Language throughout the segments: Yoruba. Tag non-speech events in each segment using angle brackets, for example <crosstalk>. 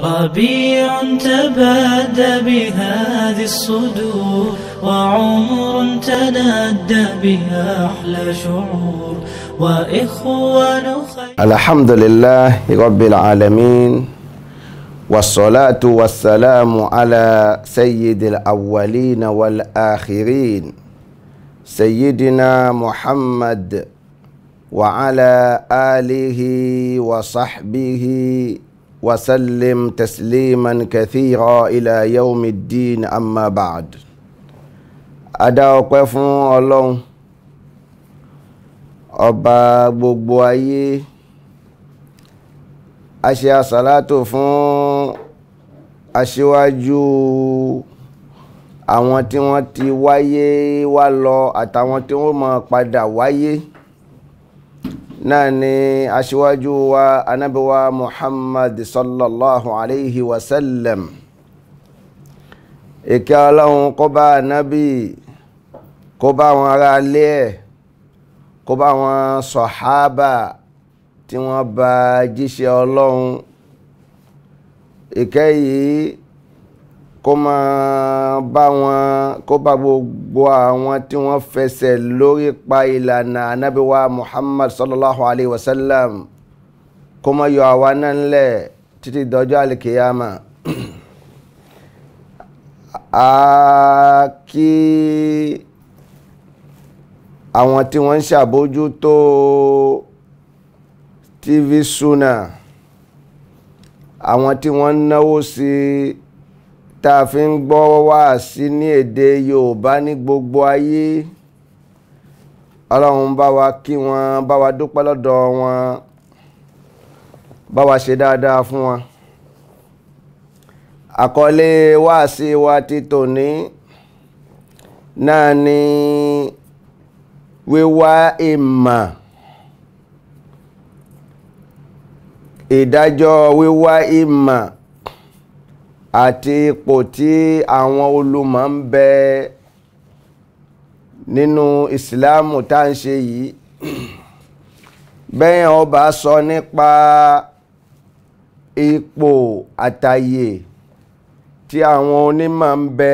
ربيع تبادى بهذه الصدور وعمر تنادى بها أحلى شعور وإخوان خير الحمد لله رب العالمين والصلاة والسلام على سيد الأولين والآخرين سيدنا محمد وعلى آله وصحبه وسلم تسليما كثيرا إلى يوم الدين أما بعد adá ọpẹ́ fún Ọlọ́run ọba gbogbo ayé a ṣe àsàlátò fún aṣíwájú àwọn tí wọ́n ti wáyé wá lọ àtàwọn tí wọ́n máa padà wáyé náà ni aṣíwájú wa anábíwá muhammad sallallahu alayhi wa sallam ìkẹ́ ọlọ́run kó bá anábì kó bá wọn ará ilé ẹ̀ kó bá wọn sọ̀hábà tí wọ́n bá jíṣẹ́ ọlọ́run ìkẹ́ yìí kó máa bá wọn kó bá gbogbo àwọn tí wọ́n fẹsẹ̀ lórí pa ìlànà anábíwá muhammad sallallahu alayhi wa sallam kó máa yọ àwa náà ńlẹ̀ títí dọjọ́ àlìkèyàmà a kí àwọn tí wọ́n ń ṣàbójútó tv suna àwọn tí wọ́n ń náwó sí i tá a fi ń gbọ́ wáàsí ní èdè Yorùbá ní gbogbo ayé Ọlọ́run bá wa kí wọn bá wa dúpẹ́ lọ́dọ̀ wọn bá wa ṣe dáadáa fún wọn àkọlé wáàsí wa ti tòní náà ni wíwá ìmọ̀ ìdájọ́ wíwá ìmọ̀ àti ipò tí àwọn olùmọ̀ ń bẹ nínú ìsìláàmù tá ń ṣe yìí bẹ́yìn ọba sọ nípa ipò àtàyè tí àwọn onímọ̀ ń bẹ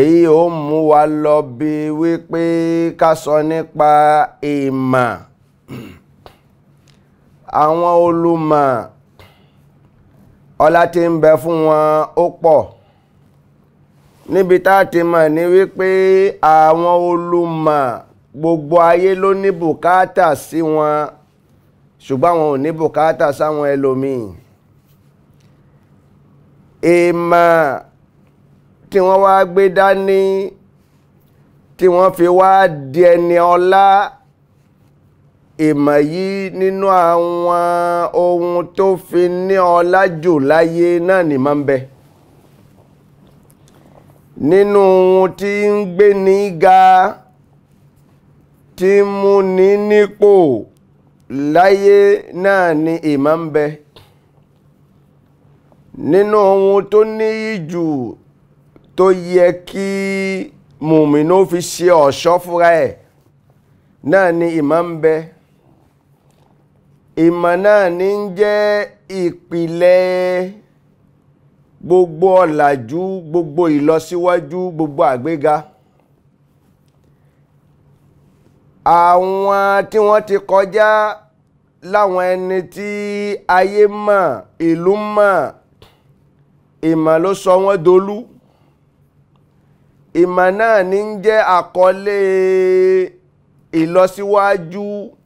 èyí ó mú wa lọ bí wípé ká sọ nípa ìmọ̀ àwọn olùmọ̀ ọlá tí ń bẹ fún wọn ó pọ̀ níbi tá a ti mọ̀ ní wípé àwọn olùmọ̀ gbogbo ayé ló ní bùkátà sí wọn ṣùgbọ́n àwọn ò ní bùkátà sáwọn ẹlòmíì èèmọ̀ tí wọ́n wá gbé dání tí wọ́n fi wá di ẹni ọlá ìmọ̀ yìí nínú àwọn ohun tó fi ní ọlá jù láyé náà ni máa ń bẹ nínú ohun tí ń gbé ní ga tí ń mú ní nípò láyé náà ni ìmọ̀ ń bẹ nínú ohun tó níyì jù tó yẹ kí mùmínú fi ṣe ọ̀ṣọ́ fúnra ẹ̀ náà ni ìmọ̀ ń bẹ ìmọ̀ náà ní ń jẹ́ ìpìlẹ̀ gbogbo ọ̀làjú gbogbo ìlọsíwájú gbogbo àgbéga àwọn tí wọ́n ti kọjá láwọn ẹni tí ayé mọ̀ ìlú mọ̀ ìmọ̀ ló sọ wọ́n dolú ìmọ̀ náà ní ń jẹ́ àkọlé ìlọsíwájú. Si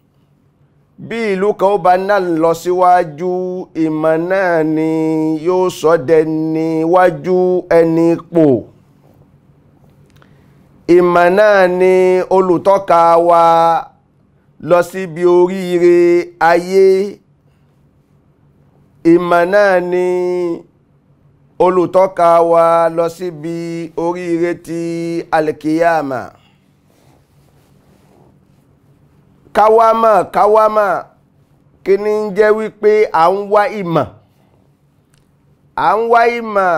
bí ìlú kan ó bá náà lọ síwájú ìmọ̀ náà ni yóò sọ́dẹni wájú ẹni pò ìmọ̀ náà ni olùtọ́ka wa lọ síbi oríire ayé ìmọ̀ náà ni olùtọ́ka wa lọ síbi oríire ti alkiyama. káwámọ̀ káwámọ̀ kí ni ń jẹ́ wípé à ń wá ìmọ̀ à ń wá ìmọ̀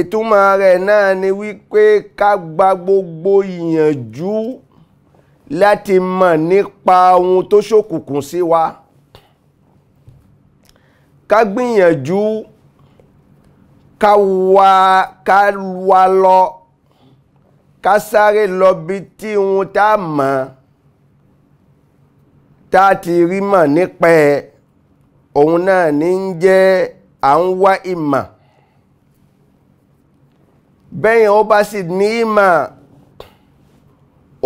ìtumọ̀ rẹ̀ náà ni wípé ká gba gbogbo ìyànjú láti mọ̀ nípa ohun tó ṣòkùnkùn sí wa ká gbìyànjú ká wá ká wá lọ ká sáré lọ bí tí ohun tá a mọ̀ tá a ti rí mọ̀ nípa ẹ̀ òun náà ní ń jẹ́ à ń wá ìmọ̀ bẹ́yìn ó bá sì ní ìmọ̀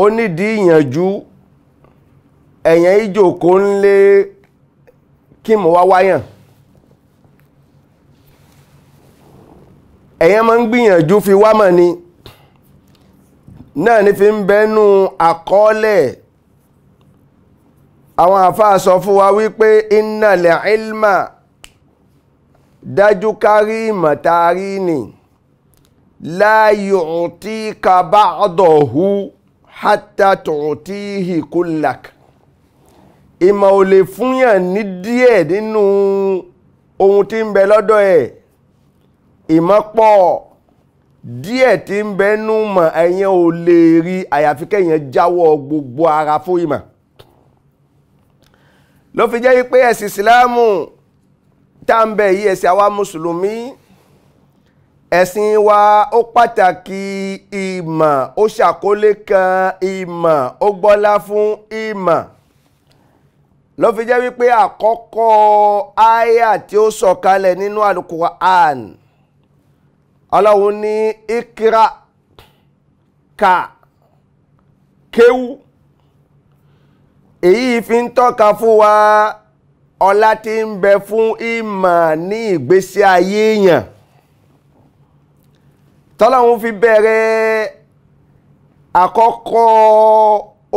ó nídìí ìyànjú ẹ̀yàn ìjòkó ń lé kí mọ̀ wá wáyàn ẹ̀yàn máa ń gbìyànjú fi wá mọ̀ ni náà ni fi ń bẹ́nu àkọọ́lẹ̀ àwọn àfáà sọ fún wa wípé innal ilma dájú kárí ìmọ̀tàrí ni la yu'tika ba'dahu hatta tu'tihi kullak ìmọ̀ ò lè fúnyàn ní díẹ̀ nínú ohun tí ń bẹ lọ́dọ̀ ẹ̀ ìmọ̀ pọ̀ díẹ̀ tí ń bẹ nú ẹ̀yẹn ò lè rí àyàfi kẹ́yìn jáwọ́ gbogbo ara fún ìmọ̀ ló fi jẹ́ pé ẹ̀sìn ìsìláàmù tá à ń bẹ̀ yìí ẹ̀sìn àwa mùsùlùmí ẹ̀sìn wa ó pàtàkì ìmọ̀ ó ṣàkólé kan ìmọ̀ ó gbọ́lá fún ìmọ̀ ló fi jẹ́ wípé àkọ́kọ́ àyà tí ó sọ̀kalẹ̀ nínú alukur'an ọlọ́run ní ikra ka kéwú èyí fi ń tọ́ka fún wa ọlá tí ń bẹ fún ìmọ̀ ní ìgbésí ayé èèyàn tọ́lọ́hun fi bẹ̀rẹ̀ àkọ́kọ́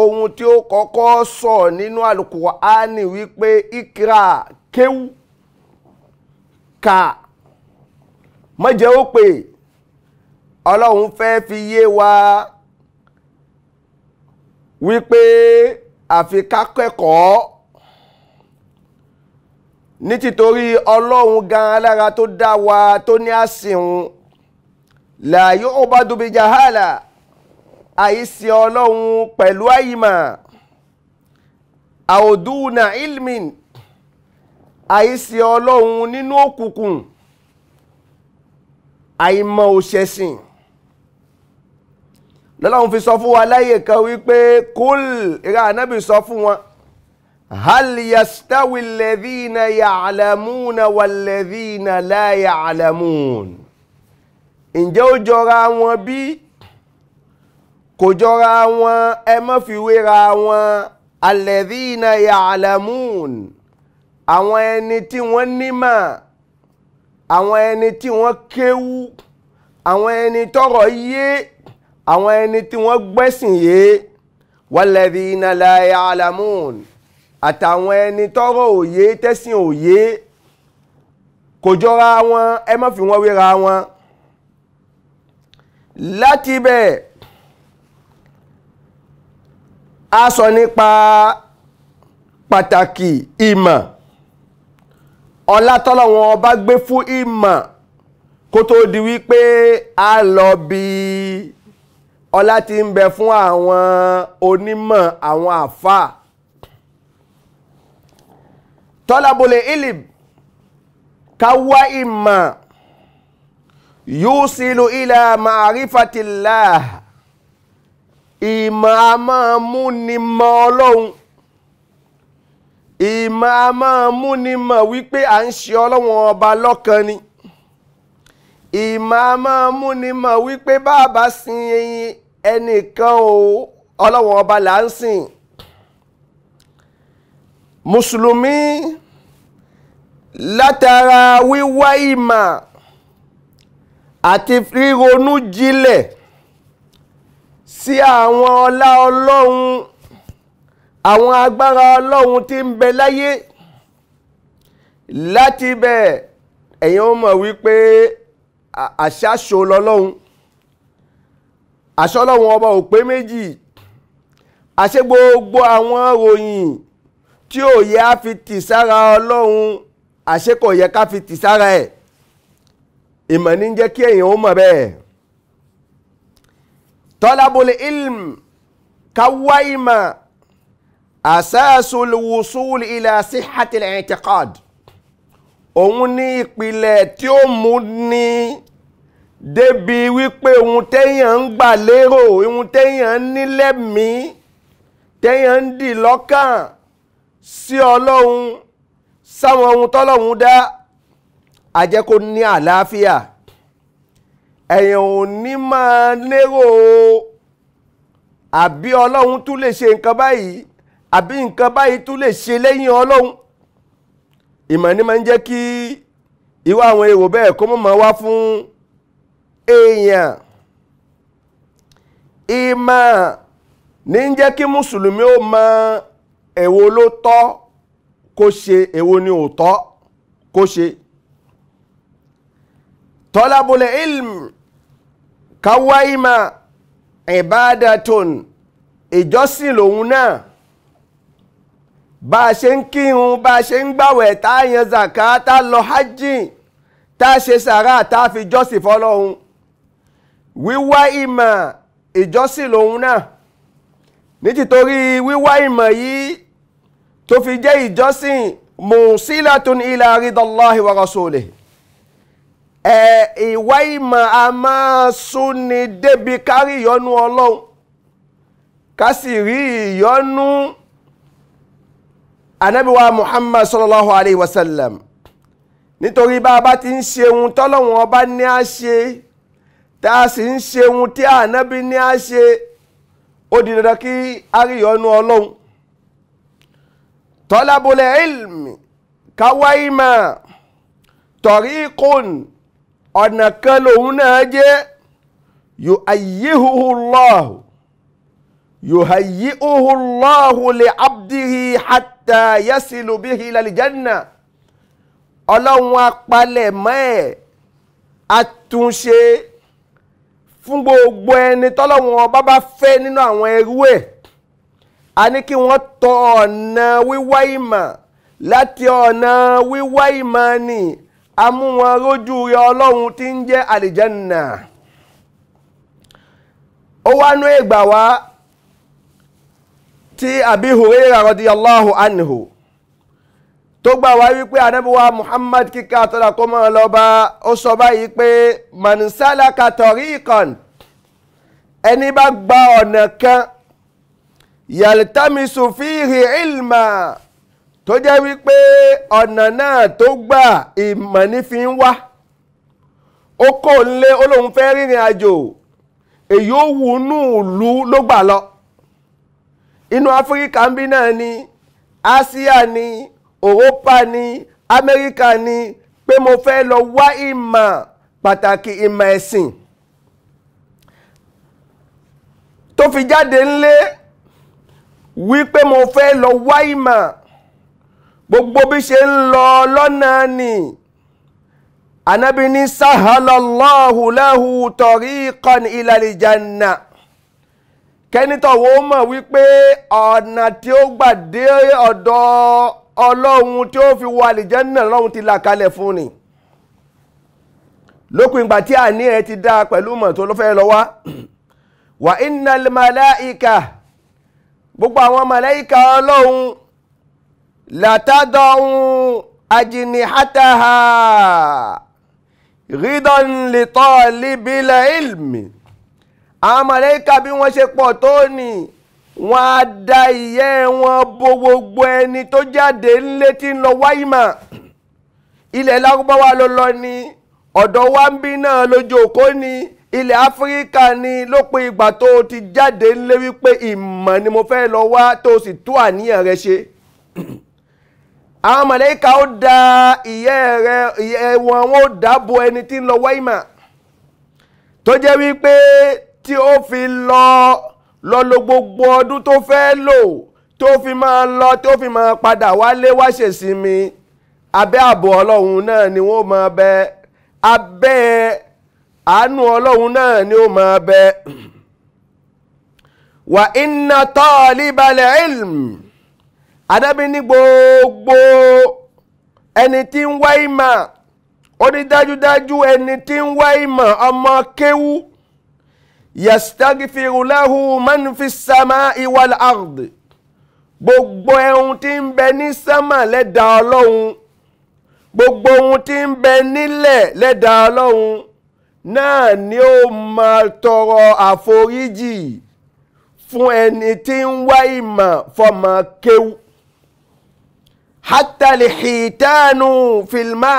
ohun tí ó kọ́kọ́ sọ nínú Al-Qur'ani wípé ikra kéwú kà mọ́jẹ́ ó pè ọlọ́hun fẹ́ fi yé wa wípé. àfi ká kẹ́kọ̀ọ́ ní títorí ọlọ́run gan alára tó dá wa tó ní àsìnwó la yu'badu bi jahala àìsí ọlọ́run pẹ̀lú àyìmọ̀ na ilmin àìsí ọlọ́run nínú òkùnkùn àìmọ̀ òṣẹ̀sìn. lọ́lọ́run fi sọ fún wa láyè kan wípé kúl ìrà ànábì sọ fún wọn hal yastawi alladhina ya'lamuna walladhina la ya'lamun ǹjẹ́ ó jọra wọn bí kò jọra wọn ẹ má fi wéra wọn alladhina ya'lamun àwọn ẹni tí wọ́n nímọ̀ àwọn ẹni tí wọ́n kéwú àwọn ẹni tọ́rọ̀ yé àwọn ẹni tí wọ́n gbẹ́sìn yé walladhina la ya'lamun àtàwọn ẹni tọ́rọ̀ òye tẹ́sìn òye kò jọra wọn ẹ má fi wọ́n wéra wọn láti bẹ̀ a sọ nípa pàtàkì ìmọ̀ ọlá ọba gbé fún ìmọ̀ kó tó di wípé a lọ bíi ọlá tí ń bẹ fún àwọn onímọ̀ àwọn àfáà tọ́lábólé ilib káwá ìmọ̀ yusilu ila ma'rifatillah ìmọ̀ a máa mú ni mọ̀ ọlọ́run ìmọ̀ a máa mú ni mọ̀ wípé à ń ṣe ọlọ́run ọba lọ́kan ni ìmọ̀ a máa mú ni mọ̀ wípé bàbá sin ẹnìkan o ọlọ́wọ́n ọba là ń sìn mùsùlùmí látara wíwá ìmà àti ríronú jinlẹ̀ sí àwọn ọlá ọlọ́run àwọn agbára ọlọ́run tí ń bẹ láyé láti bẹ̀ ẹ̀yin ó mọ̀ wípé àṣàṣò lọ́lọ́run àṣọlọ́wọ́n ọba ò pé méjì àṣẹ gbogbo àwọn ròyìn tí ò yẹ á fi tì sára ọlọ́run àṣẹ kò yẹ ká fi tì sára ẹ̀ ìmọ̀ ní jẹ́ kí èèyàn ó mọ̀ bẹ́ẹ̀ tọ́lábólé ilm ká wá ìmọ̀ àsáàsùl wùsùl ilà síhàtìl i'tiqad òun ní ìpìlẹ̀ tí ó mú ní débi wípé ohun téèyàn ń gbà lérò ohun téèyàn ń nílẹ̀mìí téèyàn ń dì lọ́kàn sí ọlọ́run sáwọn ohun tọ́lọ́run dá ajẹ́ kó ní àlàáfíà èèyàn ò ní máa lérò àbí ọlọ́run tún lè ṣe nǹkan báyìí àbí nǹkan báyìí tún lè ṣe lẹ́yìn ọlọ́run ìmọ̀ ni máa ń jẹ́ kí irú àwọn èrò bẹ́ẹ̀ kó mọ̀ wá fún èèyàn ìmọ̀ ní jẹ́ kí mùsùlùmí ó mọ èwo ló tọ́ kó ṣe èwo ni ò tọ́ kó ṣe tọ́lábùl ilm káwá ìmọ̀ ìbádatun ìjọsìn lòun náà bá a ṣe ń kírun bá a ṣe ń gbàwẹ̀ tá a yan zaka lọ hajj tá a ṣe sàrà tá a fi jọ́sìn fọlọ́hun wíwá ìmọ̀ ìjọ́sìn lòun náà nítìtorí wíwá ìmọ̀ yìí tó fi jẹ́ ìjọ́sìn musilatun ila ridallahi wa rasulih ẹ̀ ìwá ìmọ̀ a máa súnni débi kárí ìyọ́nú ọlọ́run ká sì rí ìyọ́nú anabiwa muhammad sallallahu alayhi wa sallam nítorí bá a bá ti ń ṣe ohun tọ́lọ́wọ́n ọba ní a ṣe tá a sì ń ṣe ohun tí ànábì ní á ṣe ó di dandan kí a rí ìyọ́nú ọlọ́run tọ́lábọ̀lẹ̀ ilmi káwáìmà tọ̀rí kùn ọ̀nà kan lòun náà jẹ́ yóò ayéhuhu lọ́hùn yuhayyi'uhu Allahu li 'abdihi hatta yasilu bihi ila aljanna ọlọ́run apalẹ̀ mọ́ ẹ̀ àtúnṣe fún gbogbo ẹni tọ́lọ́wọ́n ọba bá fẹ́ nínú àwọn a ní kí wọ́n tọ ọ̀nà wíwá ìmọ̀ láti ọ̀nà wíwá ìmọ̀ ni a mú wọn rójú rẹ ọlọ́run tí ń jẹ́ àlìjánà ó wá nú ìgbà wá tí tó gbà wá wípé anábíwá muhammad kíkà àtọ́lá kó mọ́ lọ́ba ó sọ báyìí pé manisala katọ́rí ìkàn ẹni bá gba ọ̀nà kan yàlítàmísù fíhì ìlmà tó jẹ́ wípé ọ̀nà náà tó gbà ìmọ̀ ní fi ń wá ó kò ń lé ó fẹ́ rìnrìn àjò èyí ó wù nú ìlú ló gbà lọ inú áfíríkà ń bí náà ni ásíà ni òrópà ní amẹ́ríkà ní pé mo fẹ́ lọ wá ìmọ̀ pàtàkì ìmọ̀ ẹ̀sìn tó fi jáde ńlé wípé mo fẹ́ lọ wá ìmọ̀ gbogbo bí ṣe ń lọ lọ́nà ni anabi ní sahalallahu lahu tariqan ilal janna kẹ́nitọ̀ wo mọ̀ wípé ọ̀nà tí ó gbà dé ọ̀dọ̀ ọlọ́run tí ó fi wọ àlìjẹ́nà lọ́run ti là kalẹ̀ fún ni lókun ìgbà tí àní ẹ ti dá pẹ̀lú mọ̀ tó ló fẹ́ lọ wá wà innal màláìka gbogbo àwọn màláìka ọlọ́run látàdọ̀hún ajinihataha rídọ̀n li talibil ilmi àwọn màláìka bí wọ́n ṣe pọ̀ tó nìí wọ́n á da ìyẹ́ wọn bo gbogbo ẹni tó jáde ńlé tí ń lọ wáyìmọ̀ ilẹ̀ lárúbáwá ló lọ ni ọ̀dọ̀ wa ń bí náà lójú òkó ni ilẹ̀ áfíríkà ni lópin ìgbà tó o ti jáde ńlé wípé ìmọ̀ ni mo fẹ́ lọ wá tó o sì tú àníyàn rẹ ṣe àwọn mọ̀lẹ́kà ó da ìyẹ́ rẹ ìyẹ́ wọn ó dáàbò ẹni tí ń lọ wáyìmọ̀ tó jẹ́ wípé tí ó fi lọ. Lo lọ lo gbogbo ọdún tó fẹ́ lò tó fi máa lọ tó fi máa padà wálé wá ṣèsinmi abẹ́ ààbò ọlọ́run náà ni wọ́n máa bẹ abẹ́ àánú ọlọ́run náà ni ó máa bẹ wà iná tọ́ọ̀líbalẹ̀ ilm adábí ní gbogbo ẹni tí ń wá ìmọ̀ ó ní dájúdájú ẹni tí ń wá ìmọ̀ ọmọ kéwú yastaghfiru lahu man fi samai wal ard gbogbo ẹ̀hún tí ń bẹ ní sámà lẹ́dàá ọlọ́run gbogbo ohun tí ń bẹ nílẹ̀ lẹ́dàá ọlọ́run náà ni ó máa tọrọ àforíjì fún ẹni tí ń wá ìmọ̀ fọmọ kéwú hátàlì hìtánù fìlmà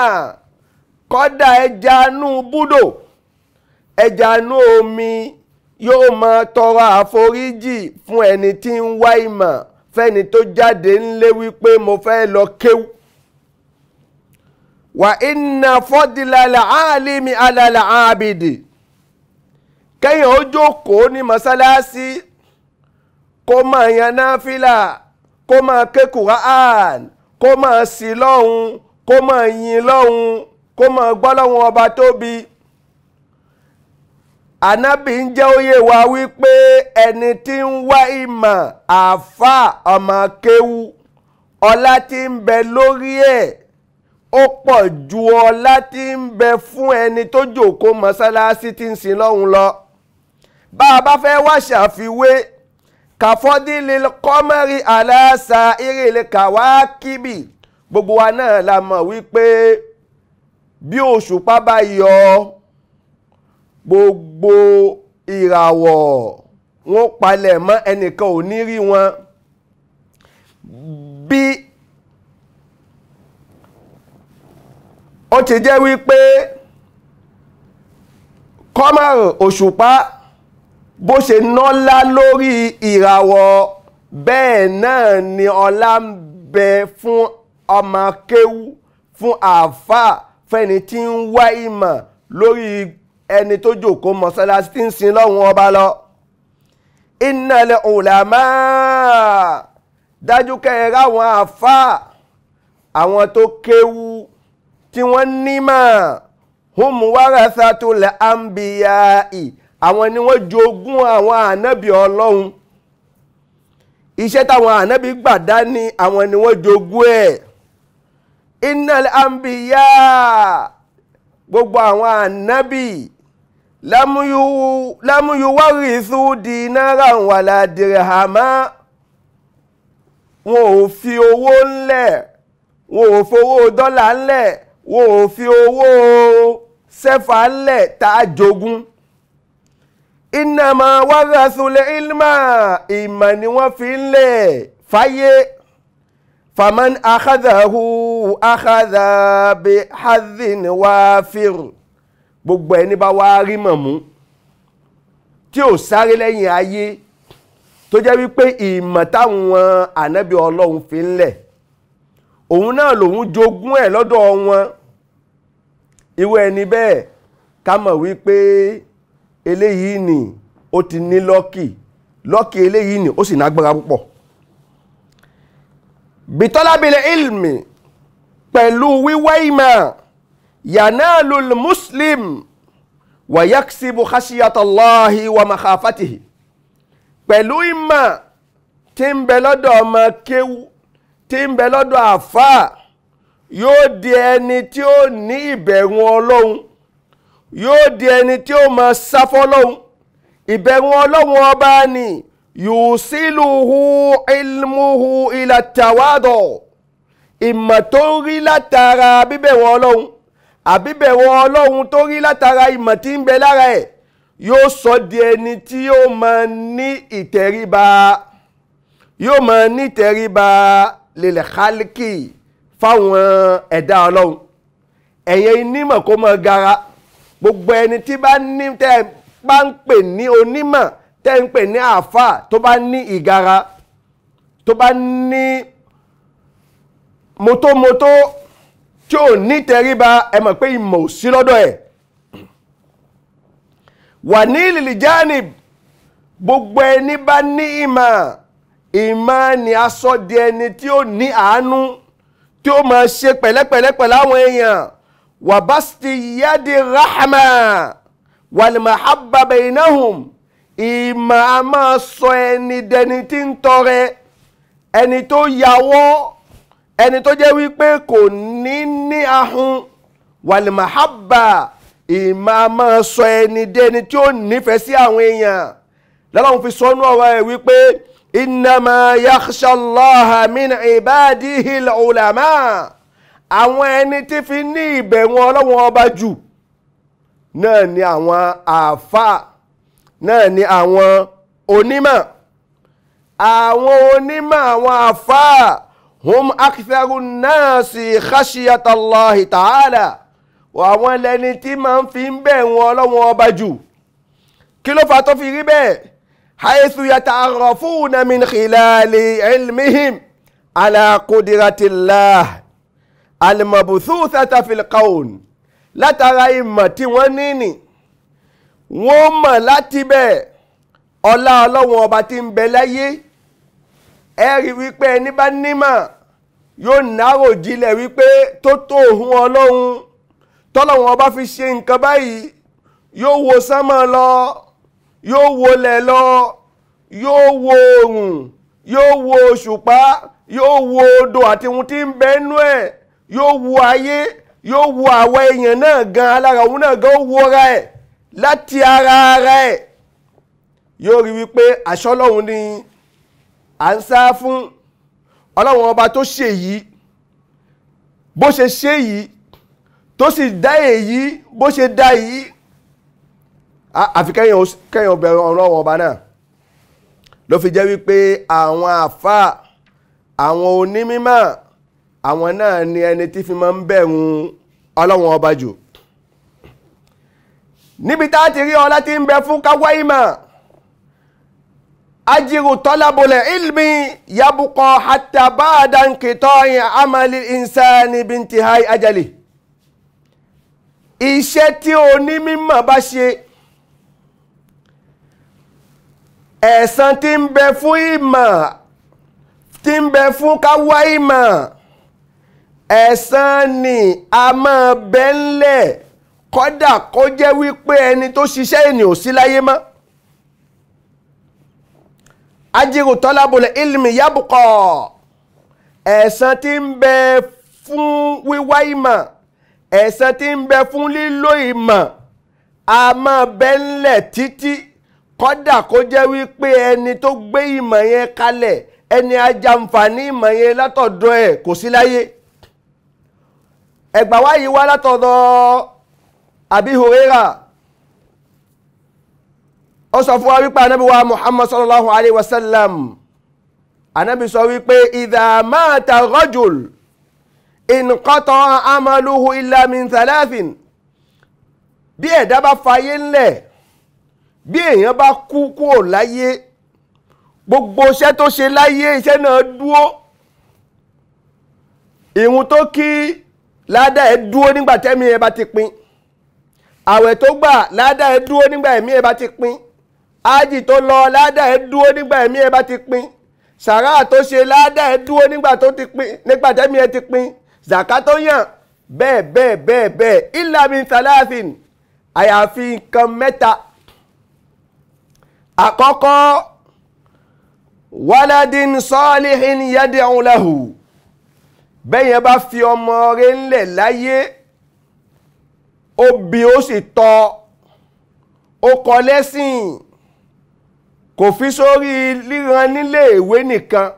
kọ́dà ẹja nù búdò ẹja nù omi yóò máa tọrọ àforíjì fún ẹni tí ń wá ìmọ̀ fẹ́ni tó jáde ńlé wípé mo fẹ́ lọ kéwú wà iná fọ́dìlálà áàlìmí alàlà ábìdì kẹ́yìn ó jókòó ní mọ́sálásí kó máa yan náfìlà kó máa ké Qur'an kó máa sí lọ́hùn kó máa yin lọ́hùn kó máa gbọ́ lọ́hùn ọba tóbi anabi ń jẹ́ òye wa wípé ẹni tí ń wá ìmọ̀ àáfà ọmọ kéwu ọlá tí ń bẹ lórí ẹ̀ ó pọ̀ ju ọlá tí ń bẹ fún ẹni tó jòkó mọ́sálásí tí ń sin lọ́hùn lọ. bá a bá fẹ́ wá ṣàfiwé kàfọ́dílé kọ́mẹ́rì aláṣà ìrìlẹ̀ kàwákìbì gbogbo wa náà la mọ̀ wípé bí òṣùpá bá yọ ọ́ gbogbo ìràwọ̀ wọn palẹ̀ mọ́ ẹnìkan ò ní rí wọn bí ó ti jẹ́ wípé kọ́mọ̀rún òṣùpá bó ṣe nọ́lá lórí ìràwọ̀ bẹ́ẹ̀ náà ni ọlá ń bẹ fún ọmọ kéwú fún àáfàá fẹ́ni tí ń wá ìmọ̀ lórí ẹni tó jòkó mọ́sálásí tí ń sin lọ́hùn ọba lọ. innal ulama dájú kẹrẹ àwọn àfáà àwọn tó kéwu tí wọ́n nímọ̀ hum warathatul anbiya'i àwọn ni wọ́n jogún àwọn ànábì ọlọ́run iṣẹ́ táwọn ànábì gbà dání àwọn ni wọ́n jogún ẹ̀ innal anbiya gbogbo àwọn ànábì lámúyú wárìsú di náírà wàlá dìrẹ̀hámá wọn ò fi owó ńlẹ̀ wọn ò fowó dọ́là ńlẹ̀ wọn ò fi owó sẹ́fà ńlẹ̀ tá a jogún ìnàmà wàràsùlẹ̀ ilmà ìmọ̀ ni wọ́n fi ń lẹ̀ fáyé faman akhadahu akhadha bi hadhin wafir gbogbo ẹni bá wá rí mọ̀mú tí ò sáré lẹ́yìn ayé tó jẹ́ wípé ìmọ̀ táwọn ànábì ọlọ́run fi ń lẹ̀ òun náà lòun jogún ẹ̀ lọ́dọ̀ wọn irú ẹni bẹ́ẹ̀ ká mọ̀ wípé eléyìí ni ó ti ní lọ́kì lọ́kì eléyìí ni ó sì nágbára púpọ̀ bitọ́lábìlẹ̀ ilmi pẹ̀lú wíwá ìmọ̀ yanalu muslim wa yaksibu khashiyatallahi wa makhafatihi pẹ̀lú ìmọ̀ tí ń bẹ lọ́dọ̀ ọmọ kéwú tí ń bẹ lọ́dọ̀ àfáà yóò di ẹni tí ó ní ìbẹ̀rù ọlọ́run yóò di ẹni tí ó máa sá fọ́lọ́run ìbẹ̀rù ọlọ́run ọba ni yusiluhu ilmuhu ila ìmọ̀ tó rí látara bíbẹ̀rù ọlọ́run àbíbẹ̀wò ọlọ́run tó rí látara ìmọ̀ tí ń bẹ lára ẹ̀ yóò sọ di ẹni tí yóò máa ní ìtẹríba yóò máa ní ìtẹríba lèlẹ̀ kálíkì fáwọn ẹ̀dá ọlọ́run ẹ̀yẹ onímọ̀ kó máa gara gbogbo ẹni tí bá ní tẹ́ bá ń pè ní onímọ̀ tẹ́ ń pè ní àáfàá tó bá ní ìgara tó bá ní mọ́tómọ́tó tí ò ní tẹríba ẹ mọ̀ pé ìmọ̀ ò sí lọ́dọ̀ ẹ̀ wà ní lìlìjáàní gbogbo ẹni bá ní ìmọ̀ ìmọ̀ ni asọ́di ẹni tí ó ní àánú tí ó máa ṣe pẹ̀lẹ́pẹ̀lẹ́ pẹ̀lú àwọn èèyàn wà bá ti yáde rahama wàlìmọ̀ àbàbà ìnáhùn ìmọ̀ a máa sọ ẹni dẹni tí ń tọrẹ ẹni tó yàwọ́ ẹni tó jẹ́ wípé kò ní ní ahun wàlìmàhábà ìmàmà sọ ẹni dẹni tí ó nífẹ̀ẹ́ sí àwọn èèyàn lọ́lọ́run fi sọnú ọ̀rọ̀ ẹ̀ wípé innama yakhsha Allaha min ibadihi al-ulama àwọn ẹni tí fi ní ìbẹ̀wọ̀n ọlọ́wọ́n ọba jù náà ni àwọn àáfàá náà ni àwọn onímọ̀ àwọn onímọ̀ àwọn àáfàá hum aktharu nnaasi khashiyata allahi ta'ala àwọn lẹni tí máa ń fi ń bẹ̀ wọn ọlọ́wọ́n ọba jù kí ló fà tó fi rí bẹ́ẹ̀ haythu yata'arrafuna min khilali ilmihim ala qudratillah almabthuthata fil qawn látara ìmọ̀ tí wọ́n ní nì wọ́n mọ̀ láti bẹ́ẹ̀ ọlá ọlọ́wọ́n ọba tí ń bẹ láyé ẹ rí wípé ẹni bá nímọ̀ yóò nárò jinlẹ̀ wípé tó tó òun ọlọ́run tọ́lọ́run ọba fi ṣe nǹkan báyìí yóò wo sánmọ̀ lọ yóò wo lẹ̀ lọ yóò wo oòrùn yóò wo òṣùpá yóò wo odò àti ohun tí ń bẹ nú ẹ̀ yóò wo ayé yóò wo àwa èèyàn náà gan alára òun náà gan ó wo ra ẹ̀ láti ara ara ẹ̀ yóò rí wípé àṣọlọ́run ni. à ń sá fún ọlọ́run ọba tó ṣe yìí bó ṣe ṣe yìí tó sì dá èyí bó ṣe dá yìí àfi kẹ́yìn ọbẹ̀ ọlọ́run ọba náà ló fi jẹ́ wípé àwọn àfáà àwọn onímímọ́ àwọn náà ni ẹni tí fi máa ń bẹ̀rù ọlọ́run ọba jù níbi tá a ti rí ọlá tí ń bẹ fún káwá ajiru tọ́lábọ̀lẹ̀ ilmi yabukọ hatta ba'dan qita'i amali insani bintihai ajali iṣẹ́ tí onímọ̀ bá ṣe ẹ̀san tí ń bẹ fún ìmọ̀ tí ń bẹ fún káwá ìmọ̀ ẹ̀san ni a máa bẹ kódà kó jẹ́ wípé ẹni tó ṣiṣẹ́ ènìyàn sí láyé mọ́ ajiru tọ́lábùlẹ̀ ilmi yabukọ̀ ẹ̀san tí ń bẹ fún wíwá ìmọ̀ ẹ̀san tí ń bẹ fún lílo ìmọ̀ a máa bẹ ńlẹ̀ títí kọ́dà kó jẹ́ wípé ẹni tó gbé ìmọ̀ yẹn kalẹ̀ ẹni ajàǹfààní ìmọ̀ yẹn látọ̀dọ̀ ẹ̀ kò sí láyé ẹgbàá wáyé wá látọ̀dọ̀ Abi Hurairah ó sọ fún wa wípé anábì wa muhammad sallallahu alayhi wa sallam anábì sọ wípé idha mata rajul inqata amaluhu illa min thalathin bí ẹ̀dá bá fayé ńlẹ̀ bí èèyàn bá kú kúrò láyé gbogbo iṣẹ́ tó ṣe láyé iṣẹ́ náà dúó ìhun tó kí ládà ẹ̀ dúó nígbà tẹ́mi ẹ̀ bá ti pin àwẹ̀ tó gbà ládà ẹ̀ dúó nígbà ẹ̀mí ẹ̀ bá ti pin ájì tó lọ ládàá ẹ dúró nígbà ẹ̀mí ẹ bá ti pin sàrà tó ṣe ládàá ẹ dúró nígbà tó ti pin nígbà tẹ́mi ẹ ti pin zàká tó yàn bẹ́ẹ̀ bẹ́ẹ̀ bẹ́ẹ̀ bẹ́ẹ̀ ilamin salasin àyàfi nǹkan mẹ́ta àkọ́kọ́ waladin salihin yad'u lahu bẹ́yẹn bá fi ọmọ rẹ̀ ńlẹ̀ láyé obì ó sì tọ́ ó kọ lẹ́sìn kò fi sórí ríran nílé ìwé nìkan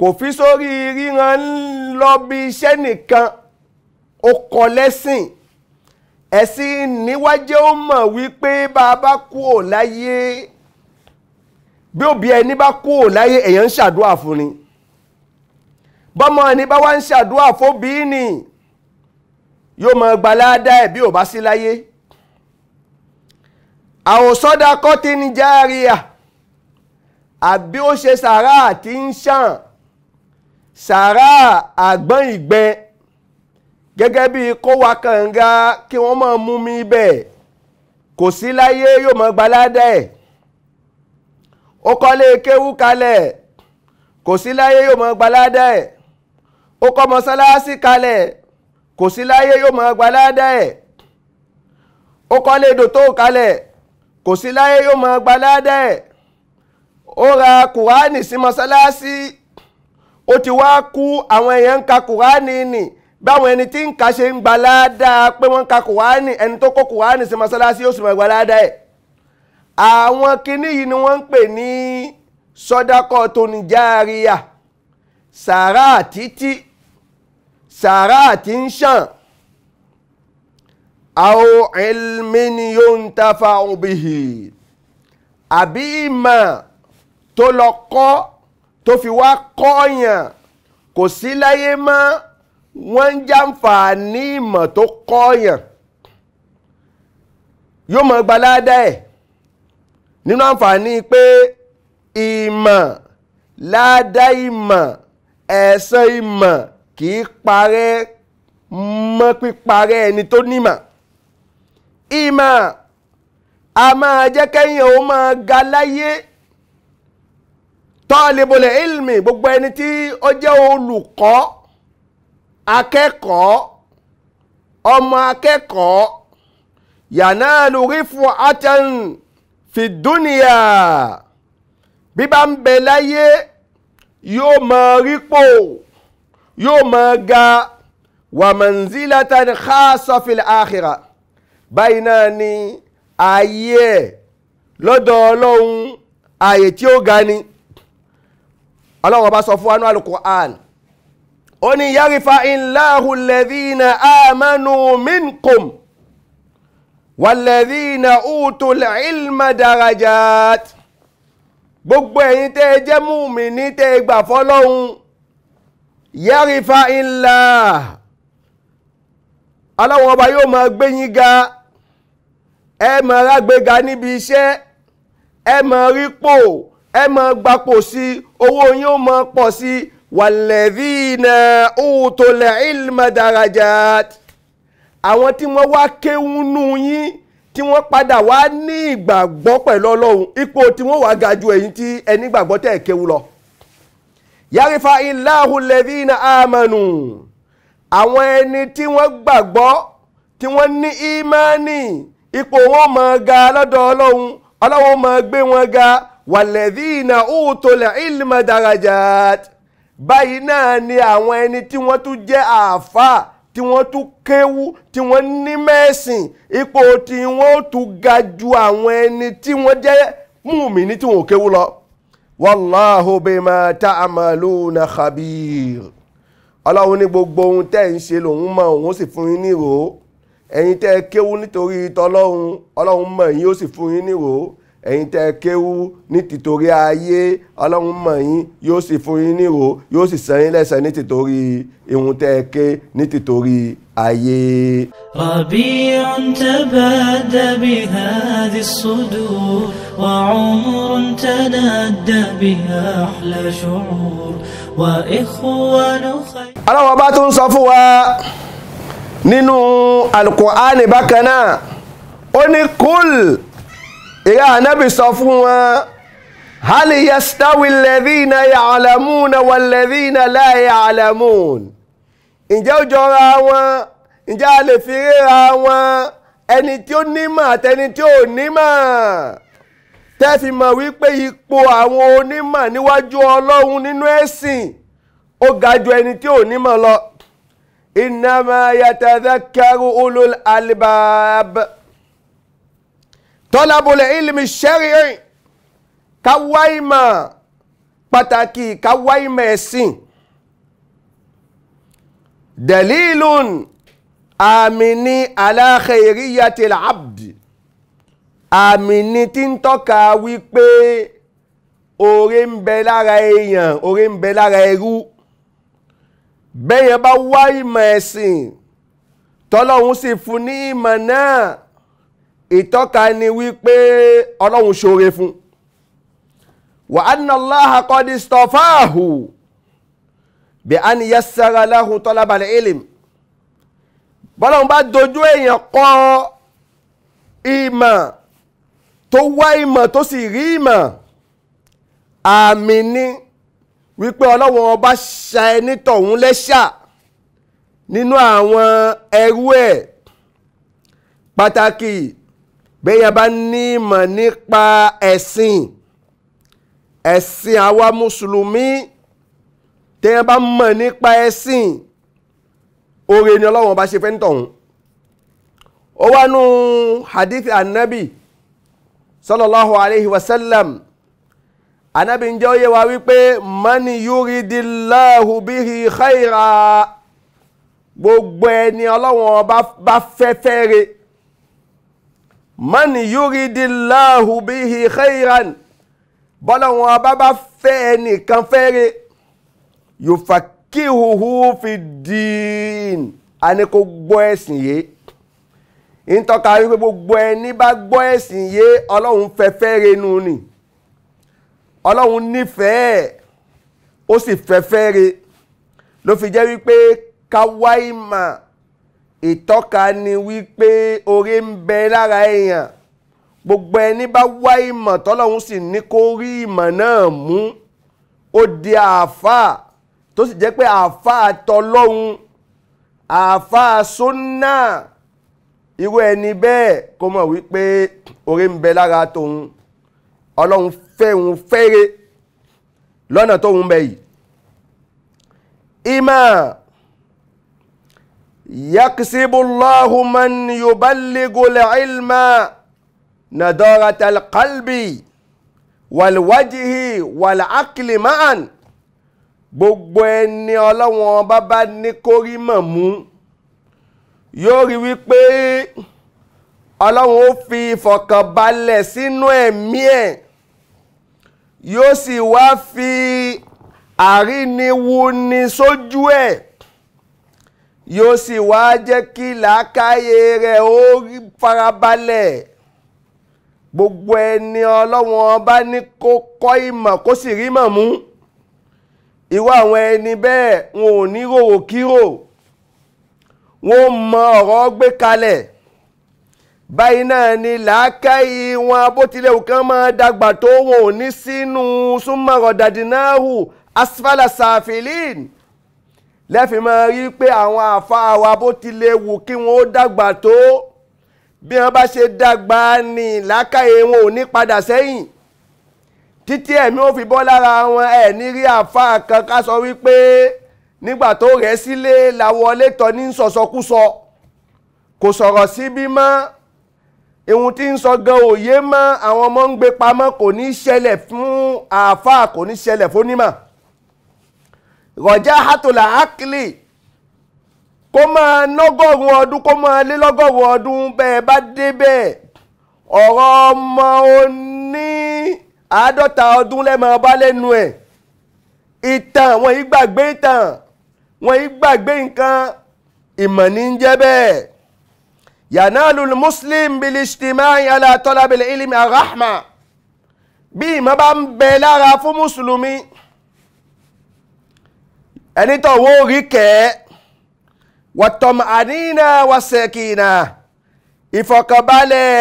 kò fi sórí ríran lọ bí iṣẹ́ nìkan ó kọ lẹ́sìn ẹ̀sìn níwájú ó mọ̀ wípé bá a bá kú ò láyé bí òbí ẹni bá kú ò láyé èèyàn ń ṣàdúrà fún ni bọ́mọ ẹni bá wá ń ṣàdúrà fóbìí ni yóò mọ gbalá ẹ̀ bí ò bá sí láyé àwòsọ́dà kọ́tí ní járíà àbí ó ṣe sàrá àti ń ṣàn sàrá àgbọ́n ìgbẹ gẹ́gẹ́ bí kó wa kànga kí wọ́n máa mú mi bẹ̀ kò sí láyé yóò mọ gbaládà ẹ̀ ó kọ́lé kéwú kalẹ̀ kò sí láyé yóò mọ gbaládà ó kọ́ mọ́sálásí kalẹ̀ kò sí láyé yóò mọ gbaládà ó kọ́lé dòtó kalẹ̀ kò sí láyé yóò máa gba ládẹ́ ó ra kùránì sí mọ́sálásí ó ti wá kú àwọn èèyàn ń ka kùránì nì báwọn ẹni tí ń ka ṣe ń gba ládàá pé wọ́n ń ka kùránì ẹni tó kó kùránì sí mọ́sálásí ó sì máa gba ládàá ẹ̀ àwọn kinní yìí ni wọ́n ń pè ní sọ́dákọ̀ tóníjàríyà sàrà títí sàrà tí ń ṣàn aw ilmin yuntafa'u bihi àbí ìmọ̀ tó lọ kọ́ tó fi wá kọ́ọ̀yàn kò sí láyé mọ́ wọ́n ń jàǹfààní ìmọ̀ tó kọ́ọ̀yàn yóò mọ̀ gbalada ẹ̀ nínú àǹfààní pé ìmọ̀ ládá ìmọ̀ ẹ̀san ìmọ̀ kì í parẹ́ mọ́ píparẹ́ ẹni tó nímọ̀ ìmọ̀ a máa jẹ́ kẹ́yìn ó máa ga láyé tọ́lẹ̀bọlẹ̀ ilmi gbogbo ẹni tí ó jẹ́ olùkọ́ akẹ́kọ̀ọ́ ọmọ akẹ́kọ̀ọ́ yanalu rif'atan fi dunya bí bá ń bẹ láyé yóò máa rípò yóò máa ga wa manzilatan khassa báyìí náà ni ayé ẹ̀ lọ́dọ̀ ọlọ́run ààyè tí ó ga ni ọlọ́run ọba sọ fún wa ní alukur'an ó ní yarifa illahu alladhina amanu minkum walladhina utul ilma darajat gbogbo ẹ̀yin tẹ́ ẹ jẹ́ mùmíní tẹ́ ẹ gbà fọ́lọ́run yarifa illah ọlọ́run ọba yóò máa gbé yín ga ẹ máa rágbéga níbi iṣẹ́ ẹ máa rípò ẹ máa gbapò sí owó yín ó máa pọ̀ sí wàlẹ́dínà òótọ́lẹ̀ ìlmàdàràjàt àwọn tí wọ́n wá kéwúnú yín tí wọ́n padà wá ní ìgbàgbọ́ pẹ̀lú ọlọ́run ipò tí wọ́n wá ga ju èyí tí ẹni gbàgbọ́ tẹ̀ kéwú lọ. yàrífà ìlàhùn lẹ́dínà àmánù àwọn ẹni tí wọ́n gbàgbọ́ tí wọ́n ní ìmánì ipò wọn máa ga lọ́dọ̀ ọlọ́run ọlọ́run máa gbé wọn ga wàlẹ́dínà òótọ́lẹ̀ ìlmà darajat báyìí náà ni àwọn ẹni tí wọ́n tún jẹ́ àáfàá tí wọ́n tún kéwú tí wọ́n ní mẹ́sìn ipò tí wọ́n tún ga ju àwọn ẹni tí wọ́n jẹ́ mùmíní tí wọ́n kéwú lọ. wàláhù bímà ta'maluna khabir ọlọ́run ní gbogbo ohun tẹ́ ń ṣe lòun mọ̀ òun sì fún yín ní ìrò ẹ̀yin tẹ́ ẹ kéwú nítorí tọlọ́run ọlọ́run mọ̀ yín ó sì fún yín níwò ẹ̀yin tẹ́ ẹ kéwú ní tìtorí ayé ọlọ́run mọ̀ yín yóò sì fún yín níwò yóò sì san yín lẹ́san ní tìtorí ìhun tẹ́ ẹ ké ní tìtorí ayé. ربيع تبادى بهذه الصدور وعمر تنادى بها أحلى شعور وإخوان خير. ọlọ́run ọba tó ń sọ fún wa nínú alukur'ani bákan náà ó ní kúl ìyá anábì sọ fún wọn hali yastawi alladhina ya'lamuna walladhina la ya'lamun ǹjẹ́ ó jọra wọn ǹjẹ́ a lè fi ríra wọn ẹni tí ó nímọ̀ àtẹni tí ò nímọ̀ tẹ́fi mọ̀ wípé ipò àwọn onímọ̀ níwájú ọlọ́run nínú ẹ̀sìn ó ga ju ẹni tí ò nímọ̀ lọ innama yatadhakkaru ulul albab talabul ilmi shar'i káwá ìmọ̀ pàtàkì káwá ìmọ̀ ẹ̀sìn dalilun àmì ní ala khairiyatil abdi àmì ní tí ń tọ́ka wípé oore ń bẹ lára èèyàn oore ń bẹ lára ẹrú. E bẹ́yẹn bá wá ìmọ̀ ẹ̀sìn tọ́lọ́hun sì fún ní ìmọ̀ náà ìtọ́ka ni wípé ọlọ́hun ṣoore fún wa anna Allaha qad istafahu bi an yassara lahu talabal ilm bọ́lọ́hun bá dojú èèyàn kọ ìmọ̀ tó wá ìmọ̀ tó sì rí ìmọ̀ àmì ni wípé ọlọ́wọ́n ọba ṣa ẹni tọ̀hún lẹ́ṣà nínú àwọn ẹrú ẹ̀ pàtàkì bẹ́yẹn bá ní ìmọ̀ nípa ẹ̀sìn ẹ̀sìn àwa mùsùlùmí tẹ́yẹn bá mọ̀ nípa ẹ̀sìn oore ni ọlọ́wọ́n ọba ṣe fẹ́ ní ó wá nú hadith anabi sallallahu alayhi wa sallam anabi ń jẹ́ ó yé wa wípé mani yuridillahu bihi khaira gbogbo ẹni ọlọ́wọ́n bá fẹ́ fẹ́re mani yuridillahu bihi khairan bọ́lọ́wọ́n bá bá fẹ́ ẹnìkan fẹ́re yufakihuhu fi dín àní kó gbọ́ ẹ̀sìn yé ń wípé gbogbo ẹni bá gbọ́ ẹ̀sìn yé ọlọ́run fẹ́ fẹ́re nù ni ọlọ́run nífẹ̀ẹ́ ó sì fẹ́fẹ́ re ló fi jẹ́ wípé káwáìmà ìtọ́ka ni wípé oore ń bẹ lára èèyàn gbogbo ẹni bá wá ìmọ̀ tọ́lọ́run sì ní kó rí ìmọ̀ náà mú ó di àáfàá tó sì jẹ́ pé àáfàá tọlọ́run àáfàá sọ́nà irú ẹni bẹ́ẹ̀ kó mọ̀ wípé oore ń bẹ lára tòun ọlọ́run fẹ́ òun fẹ́rẹ́ lọ́nà tó ń bẹ yìí ìmọ̀ yakisibullahu man yuballigul ilma nadaratal qalbi wàlúwájìhì wàlúákìlì máàn gbogbo ẹni ọlọ́wọ́n bá ní kórí mọ̀ yóò rí wípé ọlọ́wọ́n ó fi ìfọ̀kànbalẹ̀ sínú ẹ̀mí ẹ̀ yóò sì wá fi àríniwuni sójú ẹ̀ yóò sì wá jẹ́ kí làákàyè rẹ̀ ó farabalẹ̀ gbogbo ẹni ọlọ́wọ́n bá ní kó kọ́ ìmọ̀ kó sì rí mọ̀ mú irú àwọn ẹni bẹ́ẹ̀ wọn ò ní ròrò kírò wọn mọ ọ̀rọ̀ gbé kalẹ̀ báyìí náà ni làákàyè wọn bó tilẹ̀ òkan máa dàgbà tó wọn ò ní sínú súnmọ́rọ̀ dàdínáhù asfala safilin lẹ́fì máa rí pé àwọn àfáà wa bó tilẹ̀ wù kí wọ́n ó dàgbà tó bí wọ́n bá ṣe dàgbà ní làákàyè wọn ò ní padà sẹ́yìn títí ẹ̀mí ò fi bọ́ lára wọn ẹ̀ ní rí àfáà kan ká sọ wípé nígbà tó rẹ̀ sílé làwọlé tọ́ ní sọ̀sọkúsọ kò sọ̀rọ̀ síbí mọ́ ìhun tí ń sọ gan òye mọ́ àwọn ọmọ ń gbé pamọ́ kò ní ṣẹlẹ̀ fún àáfàá kò ní ṣẹlẹ̀ fónímọ̀ rọ̀já hatola akili kó máa lọ́gọ́rùn ọdún kó máa lé lọ́gọ́rùn ọdún bẹ́ẹ̀ bá débẹ̀ ọ̀rọ̀ ọmọ oní àádọ́ta ọdún lẹ́mọ̀ ọba lẹ́nu ẹ̀ ìtàn wọ́n yìí gbàgbé ìtàn wọ́n yìí gbàgbé nǹkan ìmọ̀ ní ń jẹ́ bẹ́ẹ̀ yanalu muslim bilijtimai ala talabil ilmi arahma bí ìmọ̀ bá ń bẹ lára fún mùsùlùmí ẹni tó wó rí kẹ́ wọ̀tọ̀m àníná wàṣẹ̀kìnà ìfọ̀kànbalẹ̀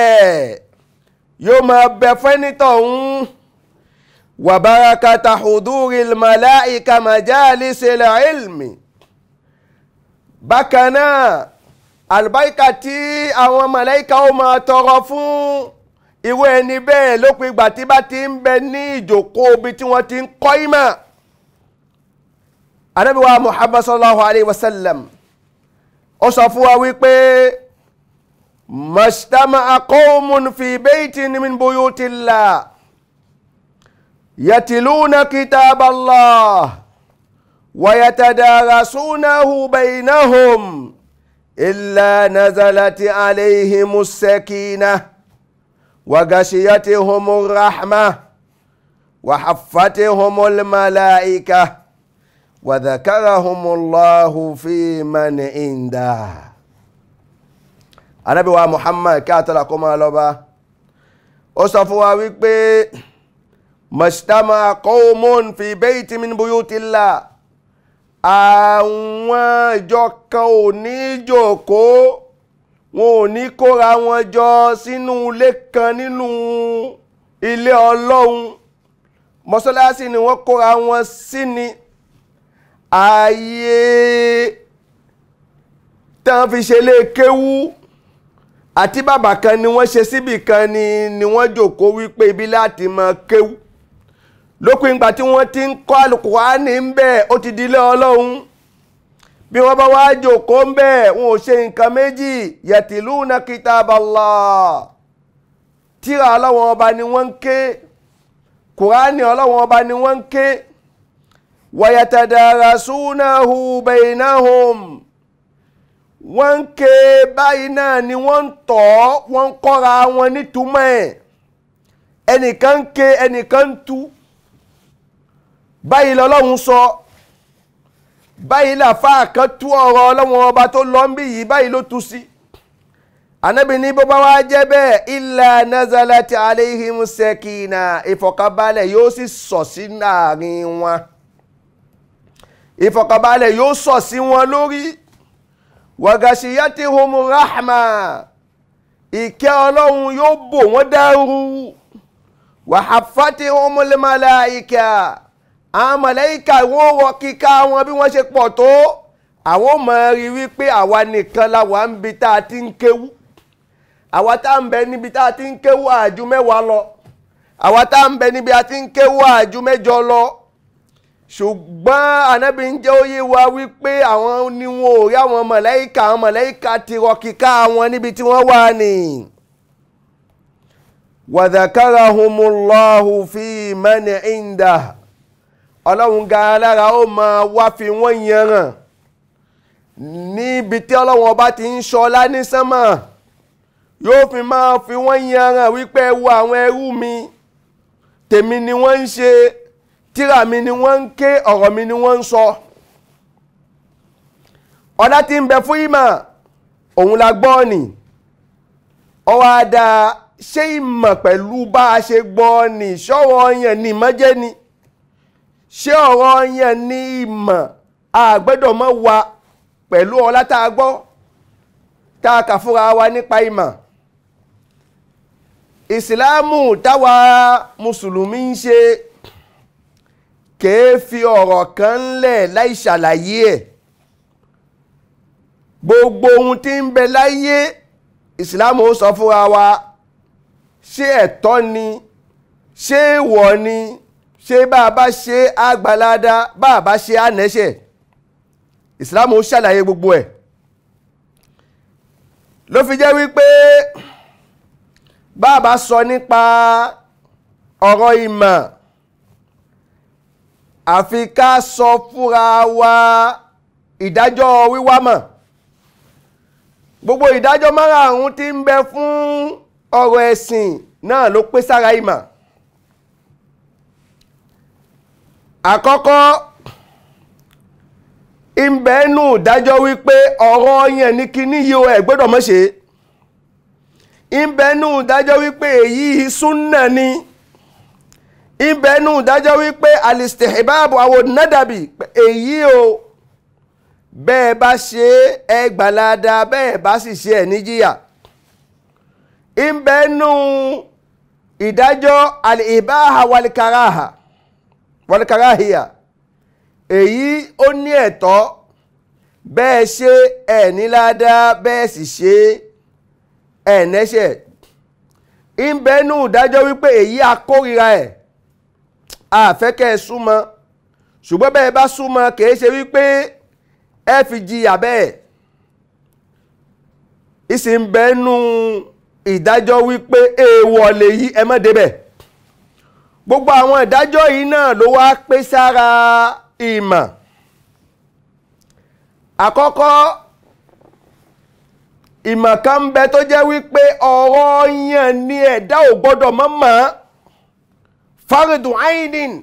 yóò máa bẹ fẹ́ni tó ń wa barakata huduril malaika majalis ilmi bákan àlùbáríkà tí àwọn màláíkà ó máa tọrọ fún ìwé ẹni bẹ́ẹ̀ lópin ìgbà tí bá ti ń bẹ ní ìjókòó ibi tí wọ́n ti ń kọ́ ìmọ̀ anábìwá muhammad sallallahu alayhi wa sallam ó sọ fún wa wípé mashtama qawmun fi baytin min buyutillah yatiluna kitaballah wa yatadarasunahu baynahum. إلا نزلت عليهم السكينة وغشيتهم الرحمة وحفتهم الملائكة وذكرهم الله في من عنده أنا بوا محمد كاتلكم لبا أصفوا ويكبي ما اجتمع قوم في بيت من بيوت الله àwọn ìjọ kan ò ní jòkó wọn ò ní kóra wọn jọ sínú ilé kan nínú ilé ọlọ́run mọ́sálásí ni wọ́n kóra wọn sí ni ààyè tán fi ṣe lé kéwú àti bàbá kan ni wọ́n ṣe síbì kan ni ni wọ́n jòkó wípé ibi láti máa kéwú lópin ìgbà tí wọ́n ti ń kọ́ àlùkùránì ń bẹ̀ ó ti di ilé ọlọ́run bí wọ́n bá wá jòkó ń bẹ̀ wọn ò ṣe nǹkan méjì yatiluna kitaballah tíra ọlọ́wọ́n ọba ni wọ́n ń ké kùránì ọlọ́wọ́n ọba ni wọ́n ń ké wa yatadarasunahu bainahum wọ́n ń ké báyìí náà ni wọ́n ń tọ́ wọ́n ń kọ́ra wọn nítumọ̀ ẹ̀ ẹnìkan ń ké ẹnìkan ń tú. báyìí lọ́lọ́run sọ báyìí làfáà kan tú ọ̀rọ̀ ọlọ́run ọba tó lọ ń bí yìí báyìí ló tú sí anabi ní bó bá wá jẹ́ bẹ́ẹ̀ illa nazalati alayhim sekina ìfọ̀kànbalẹ̀ yóò sì sọ̀ sí láàrin wọn ìfọ̀kànbalẹ̀ yóò sọ̀ sí wọn lórí wagashiyatihum rahma ìkẹ́ ọlọ́run yóò bò wọ́n dárú wàhàfàtihum al malaika. àwọn mọ̀lẹ́yìká wọn wọ kíká wọn bí wọ́n ṣe pọ̀ tó àwọn ò mọ̀ rí wípé àwa nìkan la wà níbi tá a ti ń kéwú àwa tá à ń bẹ níbi tá a ti ń kéwú àjù mẹ́wàá lọ àwa tá à ń bẹ níbi a ti ń kéwú àjù mẹ́jọ lọ ṣùgbọ́n anábì ń jẹ́ òye wa wípé àwọn ni wọn ò rí àwọn mọ̀lẹ́yìká àwọn mọ̀lẹ́yìká ti rọ kíká wọn níbi tí wọ́n wà nìyí. وذكرهم الله في ọlọ́run gan lára ó máa wá fi wọ́n yanràn níbi tí ọlọ́run ọba ti ń ṣọlá ní yóò fi máa fi wọ́n yanràn wípé wo àwọn ẹrú mi tèmi ni wọ́n ń ṣe tírà mi ni wọ́n ń ké ọ̀rọ̀ mi ni wọ́n ń sọ ọ̀dá tí ń bẹ fún ìmọ̀ òun la gbọ́ ni ọwọ́ àdá ṣé ìmọ̀ pẹ̀lú bá a ṣe gbọ́ ni ṣọ́wọ́ yẹn ni ìmọ̀ jẹ́ ni. Imajeni ṣé ọ̀rọ̀ yẹn ní ìmọ̀ àgbẹ́dọ̀ mọ́ wa pẹ̀lú ọlá tá a gbọ́ tá a kà fúnra wa nípa ìmọ̀ ìsìláàmù táwa mùsùlùmí ń ṣe kèé fi ọ̀rọ̀ kan lẹ̀ láì ṣàlàyé ẹ̀ gbogbo ohun tí ń bẹ láyé ìsìláàmù sọ fúnra wa ṣé ẹ̀tọ́ ni ṣé èèwọ̀ ni ṣé bá a bá ṣe àgbàládá bá a bá ṣe ànẹ́ṣẹ̀ ìsìlámù ṣàlàyé gbogbo ẹ̀ ló fi jẹ́ wípé bá a bá sọ nípa ọ̀rọ̀ ìmọ̀ àfi ká sọ fúnra wa ìdájọ́ wíwá mọ̀ gbogbo ìdájọ́ márààrún tí ń bẹ fún ọ̀rọ̀ ẹ̀sìn náà ló pé sára ìmọ̀ àkọ́kọ́ ìbẹ́nu ìdájọ́ wípé ọ̀rọ̀ yẹn ní kíní yìí o ẹ̀ gbọ́dọ̀ mọ̀ ṣe ìbẹ́nu ìdájọ́ wípé èyí súnà ni ìbẹ́nu ìdájọ́ wípé alistihbabu àwọn nádàbí èyí o bẹ́ẹ̀ bá ṣe ẹ gbàládà bẹ́ẹ̀ bá sì ṣe ẹ̀ níjìyà ìdájọ́ wàlúkàráhìá èyí ó ní ẹ̀tọ́ bẹ́ẹ̀ ṣe ẹ̀ ní ládàá bẹ́ẹ̀ sì ṣe ẹ̀ nẹ́ṣẹ̀ ìbẹ́nu ìdájọ́ wípé èyí akórira ẹ̀ àfẹ́kẹ́ ẹ súnmọ́ ṣùgbọ́n bẹ́ẹ̀ bá súnmọ́ kìí ṣe wípé ẹ fi jìyà bẹ́ẹ̀ ìsìn ìdájọ́ wípé èèwọ̀ lèyí ẹ má débẹ̀ gbogbo àwọn ìdájọ́ yìí náà ló wá pé sára ìmọ̀ àkọ́kọ́ ìmọ̀ kan ń bẹ tó jẹ́ wípé ọ̀rọ̀ yàn ni ẹ̀dá ò gbọ́dọ̀ mọ́ mọ́ fáridù ainin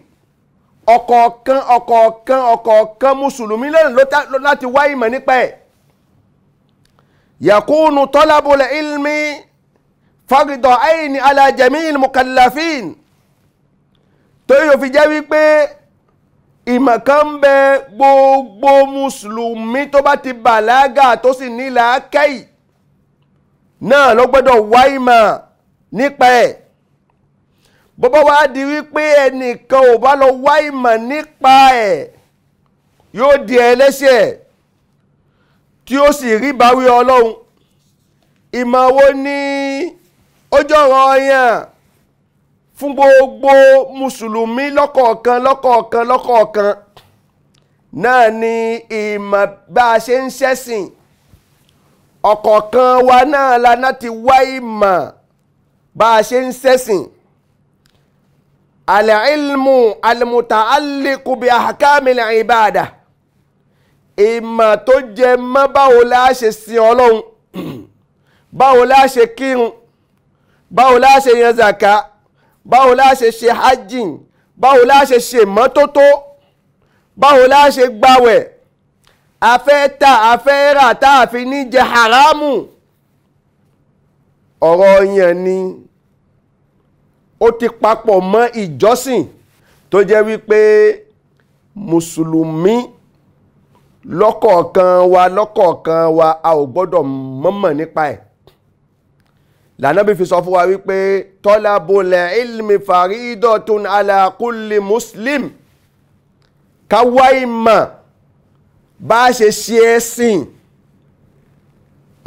ọ̀kọ̀ọ̀kan ọ̀kọ̀ọ̀kan ọ̀kọ̀ọ̀kan mùsùlùmí lẹ́nu láti wá ìmọ̀ nípa ẹ̀ yakunu tọ́lábùlẹ̀ ilmi fáridù ainin ala jamil mukallafin torí ó fi jẹ́ wípé ìmọ̀ kan ń bẹ gbogbo mùsùlùmí tó bá ti bàlágà tó sì ní làákàyè náà ló gbọ́dọ̀ wá ìmọ̀ nípa ẹ̀ bọ́bá wá di wípé ẹnìkan ò bá lọ wá ìmọ̀ nípa ẹ̀ yóò di ẹlẹ́ṣẹ̀ tí ó sì rí báwí ọlọ́run ìmọ̀ wo ni ó jọ̀rọ̀ ọyàn fún gbogbo mùsùlùmí lọ́kọ̀ọ̀kan lọ́kọ̀ọ̀kan lọ́kọ̀ọ̀kan náà ni ìmọ̀ bá a ṣe ń ṣẹ̀sìn ọ̀kọ̀ọ̀kan wa náà la láti wá ìmọ̀ bá a ṣe ń ṣẹ̀sìn al-ilmu al-muta'alliq bi ahkamil ibadah ìmọ̀ tó jẹ mọ́ báwo la ṣe sin ọlọ́run <clears throat> báwo la ṣe kírun báwo la ṣe yan zaka báwo la ṣe ṣe hajjin báwo la ṣe ṣe mọ́tótó báwo la ṣe gbàwẹ̀ afẹ́ ta afẹ́ rà a fi ní jẹ haramu ọ̀rọ̀ yẹn ni ó ti papọ̀ mọ́ ìjọsìn tó jẹ́ wípé mùsùlùmí lọ́kọ̀ọ̀kan wa lọ́kọ̀ọ̀kan wa a ò gbọ́dọ̀ mọ̀mọ̀ nípa ẹ̀ lànàbí fi sọ fún wa wípé tọ́lábọ̀lẹ̀ ilmi faridotun ala kulli muslim ká wá ìmọ̀ bá a ṣe ṣe ẹ̀sìn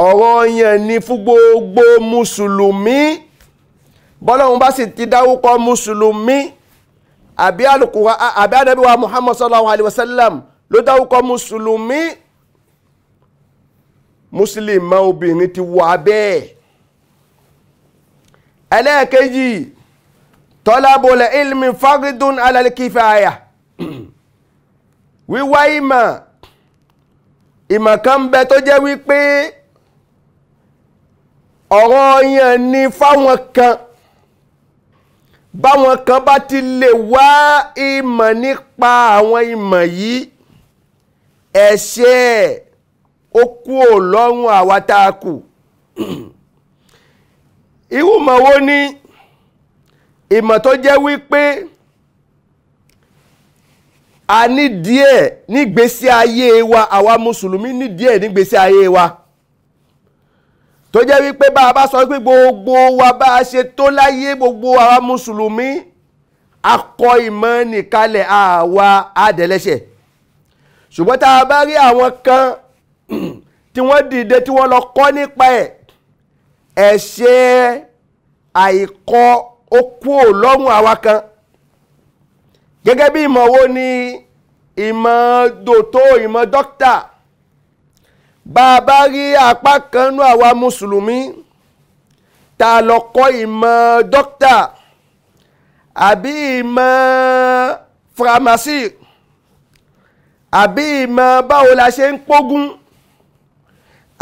ọ̀rọ̀ yẹn ni fún gbogbo mùsùlùmí bọ́lọ́run bá sì ti dárúkọ mùsùlùmí àbí alukura àbí anabiwa muhammad sallallahu alayhi wa sallam ló dárúkọ mùsùlùmí mùsùlùmí obìnrin ti wà bẹ́ẹ̀ ẹlẹ́ẹ̀kejì tọ́lábọ̀lẹ̀ ilmi faridun alalikifaya wíwá ìmọ̀ ìmọ̀ kan bẹ tó jẹ́ wípé ọ̀rọ̀ yẹn ni fáwọn kan báwọn kan bá ti lè wá ìmọ̀ nípa àwọn ìmọ̀ yìí ẹ̀ṣẹ̀ ó kú ò lọ́rùn àwa irú ìmọ̀ wo ni ìmọ̀ tó jẹ́ wípé a ní díẹ̀ nígbésí ayé wa àwa mùsùlùmí ní díẹ̀ nígbésí ayé wa tó jẹ́ wípé bá a bá sọ pé gbogbo wa bá a ṣe tó láyé gbogbo àwa mùsùlùmí akọ ìmọ̀ nìkalẹ̀ àwa adẹ̀lẹ́ṣẹ̀ ṣùgbọ́n tá a bá rí àwọn kan <clears throat> tí wọ́n dìde tí wọ́n lọ kọ́ nípa ẹ̀ ẹ̀ṣẹ̀ àìkọ́ ó kúò lọ́rùn àwa kan gẹ́gẹ́ bí ìmọ̀ wo ni ìmọ̀ dòtó ìmọ̀ dókítà bá a bá rí apá kan nú àwa mùsùlùmí tá a lọ kọ́ ìmọ̀ dókítà àbí ìmọ̀ faramasi àbí ìmọ̀ báwo la ṣe ń pógún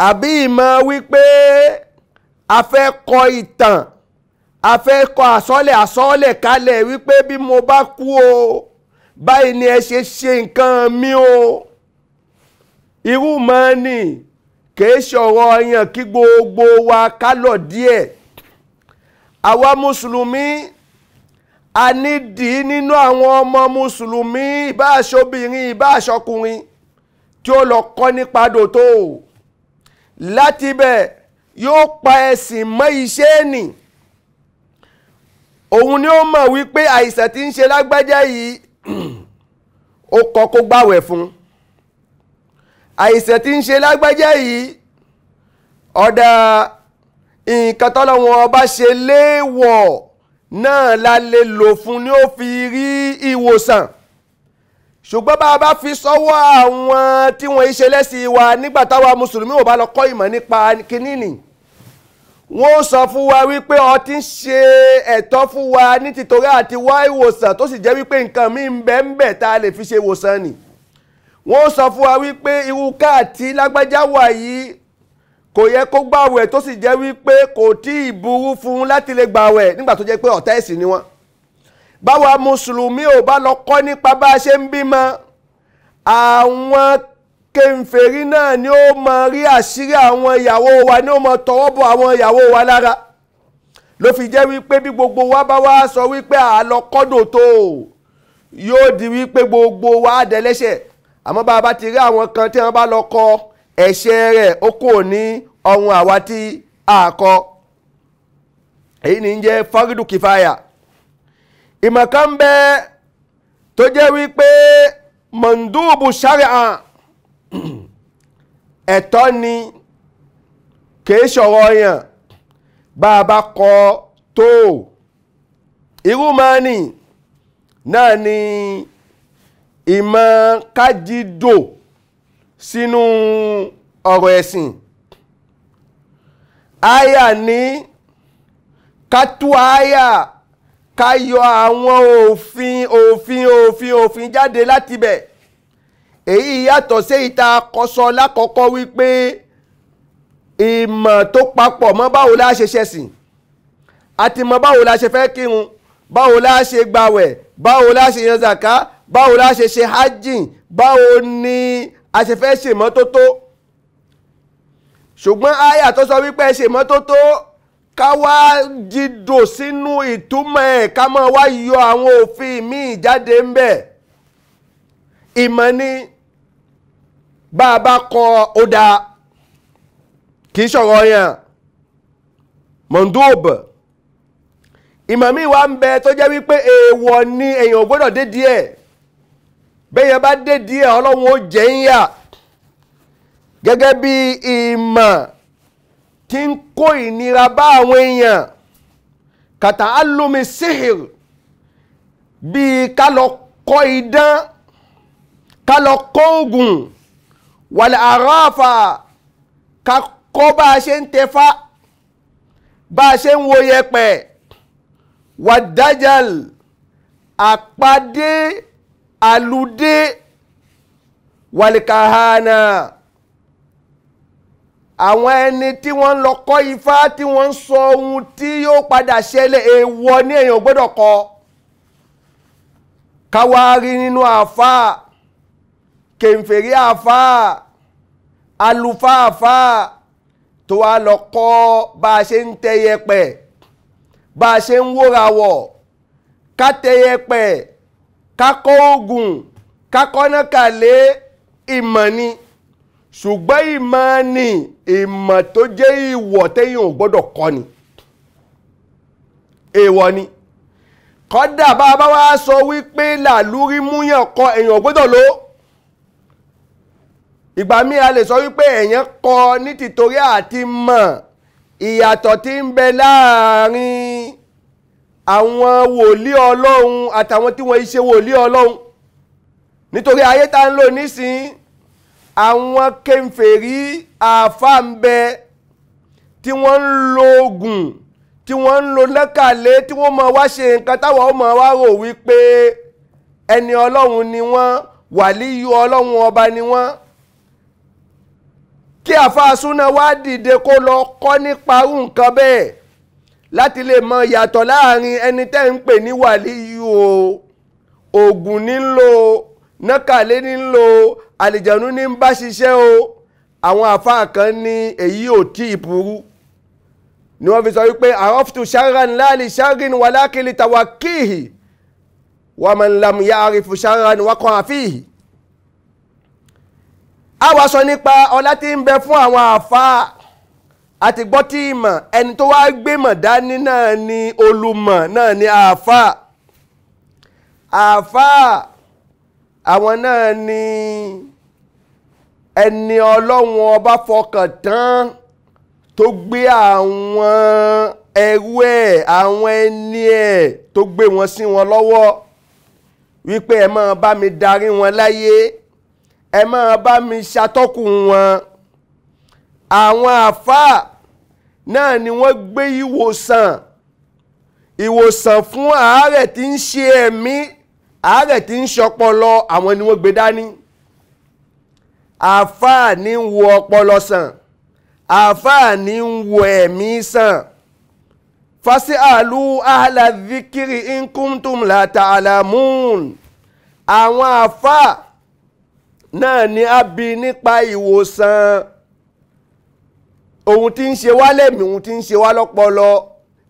àbí ìmọ̀ wípé a fẹ́ kọ ìtàn a fẹ́ kọ àsọ́lẹ̀ àsọ́lẹ̀ kalẹ̀ wípé bí mo bá kú o báyìí ni ẹ ṣe ṣe nǹkan mi o irú mọ́ ni kìí ṣọ̀rọ̀ ọyàn kí gbogbo wa ká lọ díẹ̀ àwa mùsùlùmí a nídìí nínú àwọn ọmọ mùsùlùmí ìbáṣọbìnrin ìbáṣọkùnrin tí ó lọ kọ́ nípa dòtó láti bẹ́ẹ̀ yóò pa ẹ̀sìn mọ́ iṣẹ́ nì òun ni ó mọ̀ wípé àìsàn tí ń ṣe lágbájá yìí <clears throat> ó kọ́ kó gbàwẹ̀ fún àìsàn tí ń ṣe lágbájá yìí ọ̀dà nǹkan tọ́lọ́wọ́n ọba ṣe léèwọ̀ náà la lè lò fún ni ó fi rí ìwòsàn. E ṣùgbọ́n bá a bá fi sọ́wọ́ àwọn tí wọ́n ṣe lẹ́sìn wa nígbà táwa mùsùlùmí ò bá lọ kọ́ ìmọ̀ nípa kínínì wọ́n sọ fún wa wípé ọtí ń ṣe ẹ̀tọ́ fún wa ní tìtorí àti wá ìwòsàn tó sì jẹ́ wípé nǹkan míì ń bẹ ń bẹ tá a lè fi ṣe ìwòsàn nì wọ́n sọ fún wa wípé irú káàtì lágbájá wà yìí kò yẹ kó gbàwẹ̀ tó sì jẹ́ wípé kò tí ì burú fún un láti lè gbàwẹ̀ nígbà tó jẹ́ pé ọ̀tá ẹ̀sìn ni wọ́n báwa mùsùlùmí ò bá lọ kọ́ nípa bá a ṣe ń bímọ àwọn kẹfẹ́rí náà ni ó mọ rí àṣírí àwọn ìyàwó wa ni ó mọ tọwọ́ bọ̀ àwọn ìyàwó wa lára ló fi jẹ́ wípé bí gbogbo wa bá wá sọ wípé àlọ́kọ́dò tó yóò di wípé gbogbo wa àdẹ́lẹ́ṣẹ̀ àmọ́ bá a bá ti rí àwọn kan tí wọ́n bá lọ kọ ẹ̀ṣẹ̀ rẹ̀ ó kò ní ọrùn àwa tí a kọ èyí ni ń jẹ́ fárídù kìfáyà ìmọ̀ kan ń bẹ tó jẹ́ wípé mọ̀ndúùbù ṣáríà ẹ̀tọ́ ni kìí ṣọ̀rọ̀ ọyàn bá a bá kọ tó irú máa nì náà ni ìmọ̀ kájídò sínú ọ̀rọ̀ ẹ̀sìn aya ní ká tú ká yọ àwọn òfin òfin òfin òfin jáde láti bẹ̀ èyí yàtọ̀ sí ìta kọsọ lákọ̀ọ́kọ́ wípé ìmọ̀ tó papọ̀ mọ́ báwo la ṣe ṣẹ̀sìn àti mọ́ báwo la ṣe fẹ́ kírun báwo la ṣe gbàwẹ̀ báwo la ṣe yan zaka báwo la ṣe ṣe hajjin báwo ni a ṣe fẹ́ ṣèmọ́tótó ṣùgbọ́n àyà tó sọ wípé ṣèmọ́tótó. ká wá jìdò sínú ìtumọ̀ ẹ̀ ká wá yọ àwọn òfin míì jáde ń bẹ̀ ìmọ̀ ni bá a bá kọ ó dáa kì í ṣọ̀rọ̀ yẹn ìmọ̀ míì wá ń bẹ tó jẹ́ wípé ni èèyàn ò gbọ́dọ̀ dé díẹ̀ bẹ́yẹn bá dé díẹ̀ ọlọ́run ó jẹ́ tí ń kó ìnira bá àwọn èèyàn kàtà alómi sihir bíi ká lọ kọ́ idán ká lọ kọ́ oògùn wàlẹ̀ àràfà ká kọ́ bá a ṣe ń tẹfá bá a ṣe ń wo yẹpẹ̀ wàdájàl àpàdé àlùdé wàlẹ̀ kàhánà àwọn ẹni tí wọ́n ń lọ kọ́ ifá tí wọ́n ń sọ ohun tí yóò padà ṣẹlẹ̀ èèwọ̀ ní èèyàn gbọ́dọ̀ kọ káwárí nínú àáfàá kèǹfèrí àáfàá àlùfáà àáfàá tó wá lọ kọ́ bá a ṣe ń tẹ yẹ̀pẹ̀ bá a ṣe ń wóra wọ̀ ká tẹ yẹ̀pẹ̀ ká kọ́ oògùn ká kọ́nà kàlé ìmọ̀ ni ṣùgbọ́n ìmọ̀ ni ìmọ̀ tó jẹ́ ìwọ̀ tẹ́yìn ò gbọ́dọ̀ kọ́ ni èèwọ̀ ni kọ́dà bá a bá wá sọ wípé làlúrí múyàn kọ èèyàn ò gbọ́dọ̀ lò ìgbà míì a lè sọ wípé èèyàn kọ ní tìtorí àti mọ̀ ìyàtọ̀ tí ń bẹ láàrin àwọn wòlíì ọlọ́run àtàwọn tí wọ́n ṣe wòlíì ọlọ́run nítorí ayé tá ń lò nísìnyí àwọn kẹfẹ́rí àfáàmbẹ tí wọ́n ń lo oògùn tí wọ́n ń lo lẹ́kàlé tí wọ́n mọ̀ wá ṣe nǹkan táwọn ọmọ wa rò wípé ẹni ọlọ́run ni wọ́n wàlíyù ọlọ́run ọba ni wọ́n kí àfàsúná wá dìde kó lọ kọ́ nípa irú nǹkan bẹ́ẹ̀ láti lè mọ ìyàtọ̀ láàrin ẹni tẹ́ ń pè ní wàlíyù o oògùn nílò nákàlẹ́ ní ń lo àlìjẹ̀nu ní ń bá ṣiṣẹ́ o àwọn àfáà kan ní èyí ò tí ì burú ni wọ́n fi sọ wípé àrọ́fùtù ṣáran láàlì ṣárin wà lákìlì tàwa kíhì wọ́n máa ń lam ya àrífù ṣáran wákan àfíhì. a wá sọ nípa ọlá tí ń bẹ fún àwọn àfáà àti gbọ́ tí ìmọ̀ ẹni tó wá gbémọ̀ dání náà ni olùmọ̀ náà ni àfáà àfáà àwọn náà ni ẹni ọlọ́run ọba fọkàn tán tó gbé àwọn ẹrú ẹ̀ àwọn ẹni ẹ̀ tó gbé wọn sí wọn lọ́wọ́ wípé ẹ máa bá mi darí wọn láyé ẹ máa bá mi ṣàtọ́kùn wọn àwọn àfáà náà ni wọ́n gbé ìwòsàn ìwòsàn fún àárẹ̀ tí ń ṣe ẹ̀mí àárẹ̀ tí ń ṣọpọlọ àwọn ni wọ́n gbé dání àáfàá ní ń wo ọpọlọ sàn àáfàá ní ń wo ẹ̀mí sàn fasi'alu ahla dhikri in kuntum la ta'lamun àwọn àáfàá náà ni a bi nípa ìwòsàn ohun tí ń ṣe wá lẹ́mìí ohun tí ń ṣe wá lọ́pọlọ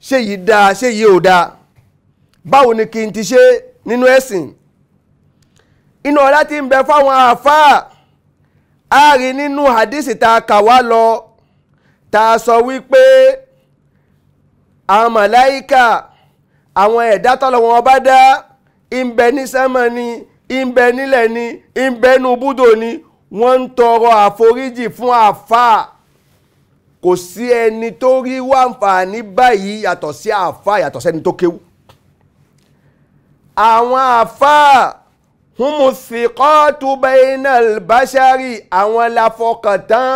ṣé yìí dáa ṣé yìí ò dáa báwo ni kí n ti ṣe nínú ẹ̀sìn inú ọlá tí ń bẹ fáwọn àáfàá a rí nínú hadisi tá a kà wá lọ tá a sọ wípé àwọn màláìkà àwọn ẹ̀dá tọ́lọ̀ wọn bá dá ń bẹ ní sẹ́mọ̀ ni ń bẹ nílẹ̀ ni ń bẹ nú búdò ni wọ́n ń tọrọ àforíjì fún àáfàá kò sí ẹni tó rí wàǹfààní báyìí yàtọ̀ sí àáfàá yàtọ̀ sẹ́ni tó kéwú àwọn àfáà humusikọ́tù bainal bashari àwọn láfọkàntán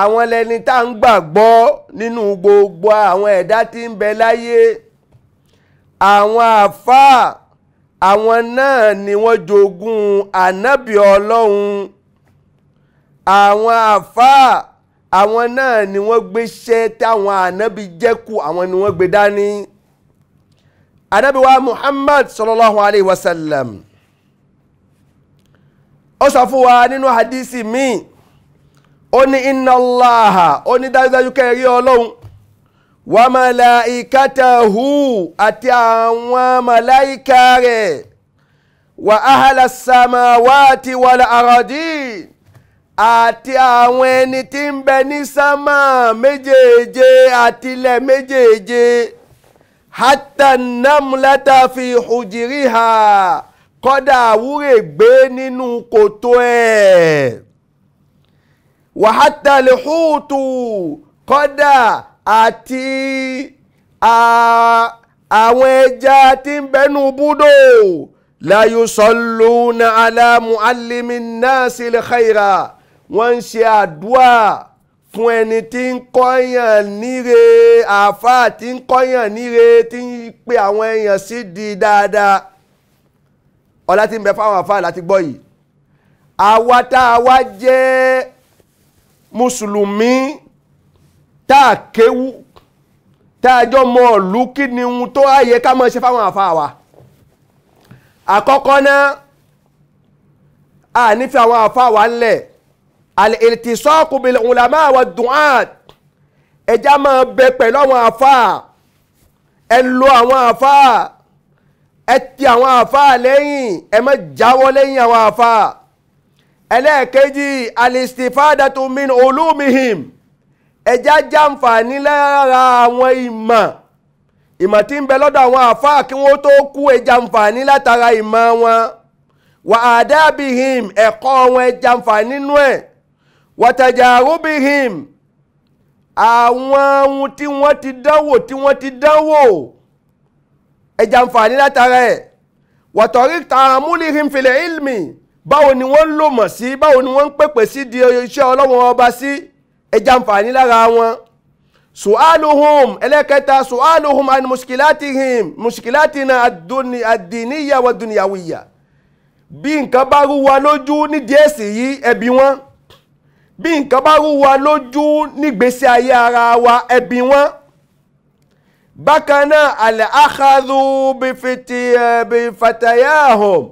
àwọn lẹni tá ń gbàgbọ́ nínú gbogbo àwọn ẹ̀dá tí ń bẹ láyé àwọn àfáà àwọn náà ni wọ́n jogún ànábì ọlọ́run àwọn àfáà àwọn náà ni wọ́n gbéṣẹ́ táwọn ànábì jẹ́kù àwọn ni wọ́n gbé dání anabi wa muhammad sallallahu alayhi wa sallam ó sọ fún wa nínú hadisi míì ó ní inna allaha ó ní dájúdájú kẹrí ọlọ́run wa malaikatahu àti àwọn malaika rẹ̀ wa ahala samawati wal aradi àti àwọn ẹni tí ń bẹ ní sámà méjèèje àtilẹ̀ méjèèje hatta namlata fi hujiriha kọ́dà àwúrè gbé nínú kòtò ẹ̀ wa hatta lihutu kọ́dà àti àwọn ẹja tí ń bẹnu búdò la yusalluna ala muallimi nnasi l khaira wọ́n ń ṣe àdúrà kun ẹni tí ń kọ́yàn níre àáfàá tí ń kọ́yàn níre tí ń pe àwọn èèyàn sí di dáadáa ọlá tí ń bẹ fáwọn àáfàá láti gbọ́ yìí àwa tá a wá jẹ́ mùsùlùmí tá a kéwú tá a jọ mọ ìlú kí ni ohun tó àyè ká máa ṣe fáwọn àáfàá wa àkọ́kọ́ náà a nífẹ̀ẹ́ àwọn àáfàá wa ńlẹ̀ al-iltisaq bil ulama wa du'at ẹja máa bẹ pẹ̀lú àwọn àfáà ẹ lo àwọn àfáà ẹ ti àwọn àfáà lẹ́yìn ẹ má jáwọ́ lẹ́yìn àwọn àfáà ẹlẹ́ẹ̀kejì al-istifadatu min ulumihim ẹja jàǹfààní lára àwọn ìmọ̀ ìmọ̀ tí ń bẹ lọ́dọ̀ àwọn àfáà kí wọ́n tó kú ẹja ǹfààní látara ìmọ̀ wọn wa adabihim ẹ̀kọ́ wọn ẹja ǹfààní nínú ẹ̀ wàtàjàrúbìhìm àwọn ohun tí wọ́n ti dánwò tí wọ́n ti dánwò ẹ̀jà àǹfààní látara ẹ̀ wàtọ̀rí tààmúlìhìm fìlẹ̀ ilmi báwo ni wọ́n lò mọ̀ sí báwo ni wọ́n ń pèpè sí di iṣẹ́ ọlọ́run ọba sí ẹ̀jà àǹfààní lára wọn su'aluhum ẹlẹ́kẹta su'aluhum an muskilatihim muskilatina ad-diniya wa ad-dunyawiya bí nǹkan bá rú wa lójú nídìí èsì yìí ẹbí wọn bí nǹkan bá rú wa lójú nígbésí ayé ara wa ẹbí wọn bákan náà àlẹ́ àkàdù bífitì ẹ̀bí fatayahum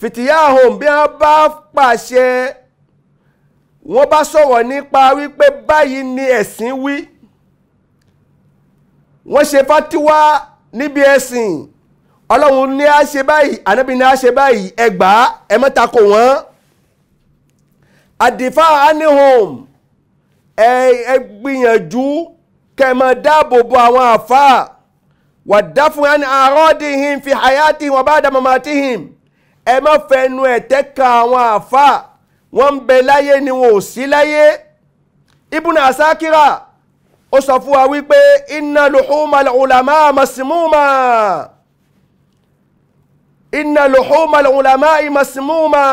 fìtìyàhùn bí wọ́n bá pàṣẹ wọ́n bá sọ̀rọ̀ nípa wípé báyìí ni ẹ̀sìn wí wọ́n ṣe fátíwá níbi ẹ̀sìn ọlọ́run ní a ṣe báyìí ànábì ní a ṣe báyìí ẹgbàá ẹ má wọ́n àdìfá anihom ẹ ẹ gbìyànjú kẹ́ máa dáàbò bo àwọn àfáà wà dáfún ẹni àròdìhìn fi hayati wọn bá dàmọ́ màtìhìn ẹ má fẹnu ẹ̀tẹ́ kan àwọn àfáà wọ́n ń bẹ láyé ni wọn ò sí láyé ibùnà àsákírà ó sọ fún wa wípé inna luhumal ulama masmuma inna luhumal ulama masmuma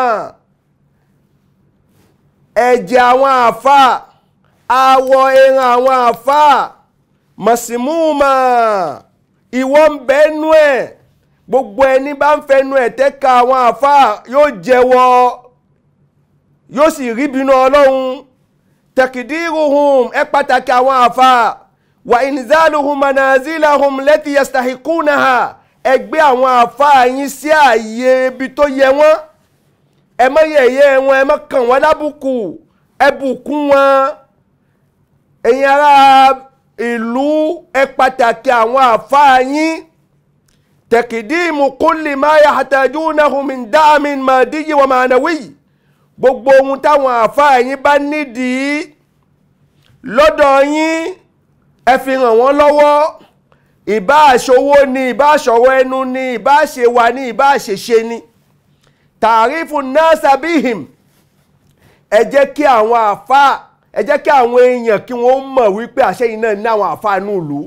ẹ̀jẹ̀ àwọn àáfàá àwọ̀ ẹran àwọn àáfàá mọ̀símúùmọ̀ ìwọ ń bẹ ẹ̀ gbogbo ẹni bá ń fẹnu ẹ̀ tẹ́ka àwọn àáfàá yóò jẹ́wọ́ yóò sì ríbinú ọlọ́run tẹ̀kìdírùhùn ẹ pàtàkì àwọn àáfàá wà ìnìzálùhùn mọ̀nàzílàhùn lẹ́tìyẹsítàhìkúnà ẹgbẹ́ àwọn àáfàá yín sí ààyè ibi tó yẹ wọ́n. ẹ má yẹ̀yẹ́ wọn ẹ má kàn wọ́n lábùkù ẹ bùkún wọn ẹ̀yin ará ìlú ẹ pàtàkì àwọn àfáà yín tẹ̀kìdíìmù kúnlì máa yà àtàjú náà min dáàmin màdíyì wa mànàwíyì gbogbo ohun táwọn àfáà yín bá nídìí lọ́dọ̀ yín ẹ fi ràn wọ́n lọ́wọ́ ìbá ni ìbá ẹnu ni ìbá ni ìbá ni. Ìbá tàrífù nasa bihim ẹ jẹ́ kí àwọn àfáà ẹ jẹ́ kí àwọn èèyàn kí wọ́n mọ̀ wípé àṣẹyìn náà ní àwọn àfáà ní ìlú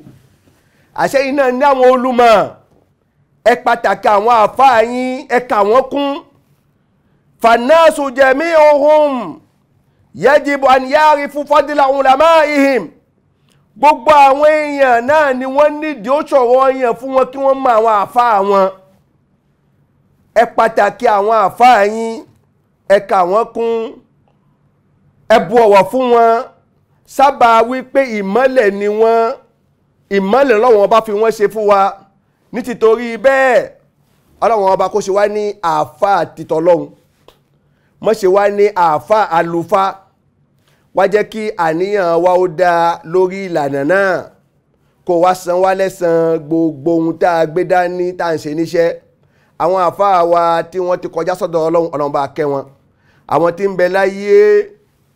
àṣẹyìn náà ní àwọn olùmọ̀ ẹ pàtàkì àwọn àfáà yín ẹ kà wọ́n kún fanasu jẹ̀mí ohun yẹ́jìbò àníyárí fún ulama ihim gbogbo àwọn èèyàn náà ni wọ́n nídìí ó ṣọ̀wọ́ yẹn fún wọn kí wọ́n mọ àwọn àfáà wọn ẹ pàtàkì àwọn àfáà yín ẹ kà wọ́n kún ẹ ọ̀wọ̀ fún wọn sábà wípé ìmọ́lẹ̀ ni wọ́n ìmọ́lẹ̀ lọ́wọ́n ọba fi wọ́n ṣe fún wa ní títorí bẹ́ẹ̀ ọlọ́wọ́n ọba kó ṣe wá ní àáfàá titọ́lọ́hún mọ́ ṣe wá ní àáfàá àlùfáà wá jẹ́ kí àníyàn wa ó dáa lórí ìlànà náà kó wá san wá lẹ́san gbogbo ohun tá a gbé dání tá à ń ṣe níṣẹ́ àwọn àfáà wa tí wọ́n ti kọjá sọ́dọ̀ ọlọ́run ọlọ́run bá kẹ́ wọn àwọn tí ń bẹ láyé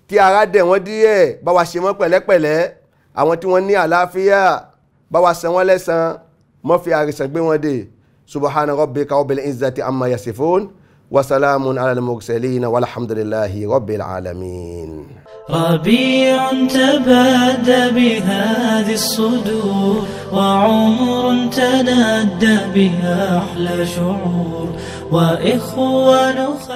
tí ara dẹ̀ wọ́n díẹ̀ bá wa ṣe wọ́n pẹ̀lẹ́pẹ̀lẹ́ àwọn tí wọ́n ní àlàáfíà bá wa san wọ́n lẹ́san mọ́ fi àrìsàn gbé wọn dè subahana rabbika rabbil izzati amma yasifun. وسلام على المرسلين والحمد لله رب العالمين ربيع تبادى بهذه الصدور وعمر تنادى بها أحلى شعور وإخوان خير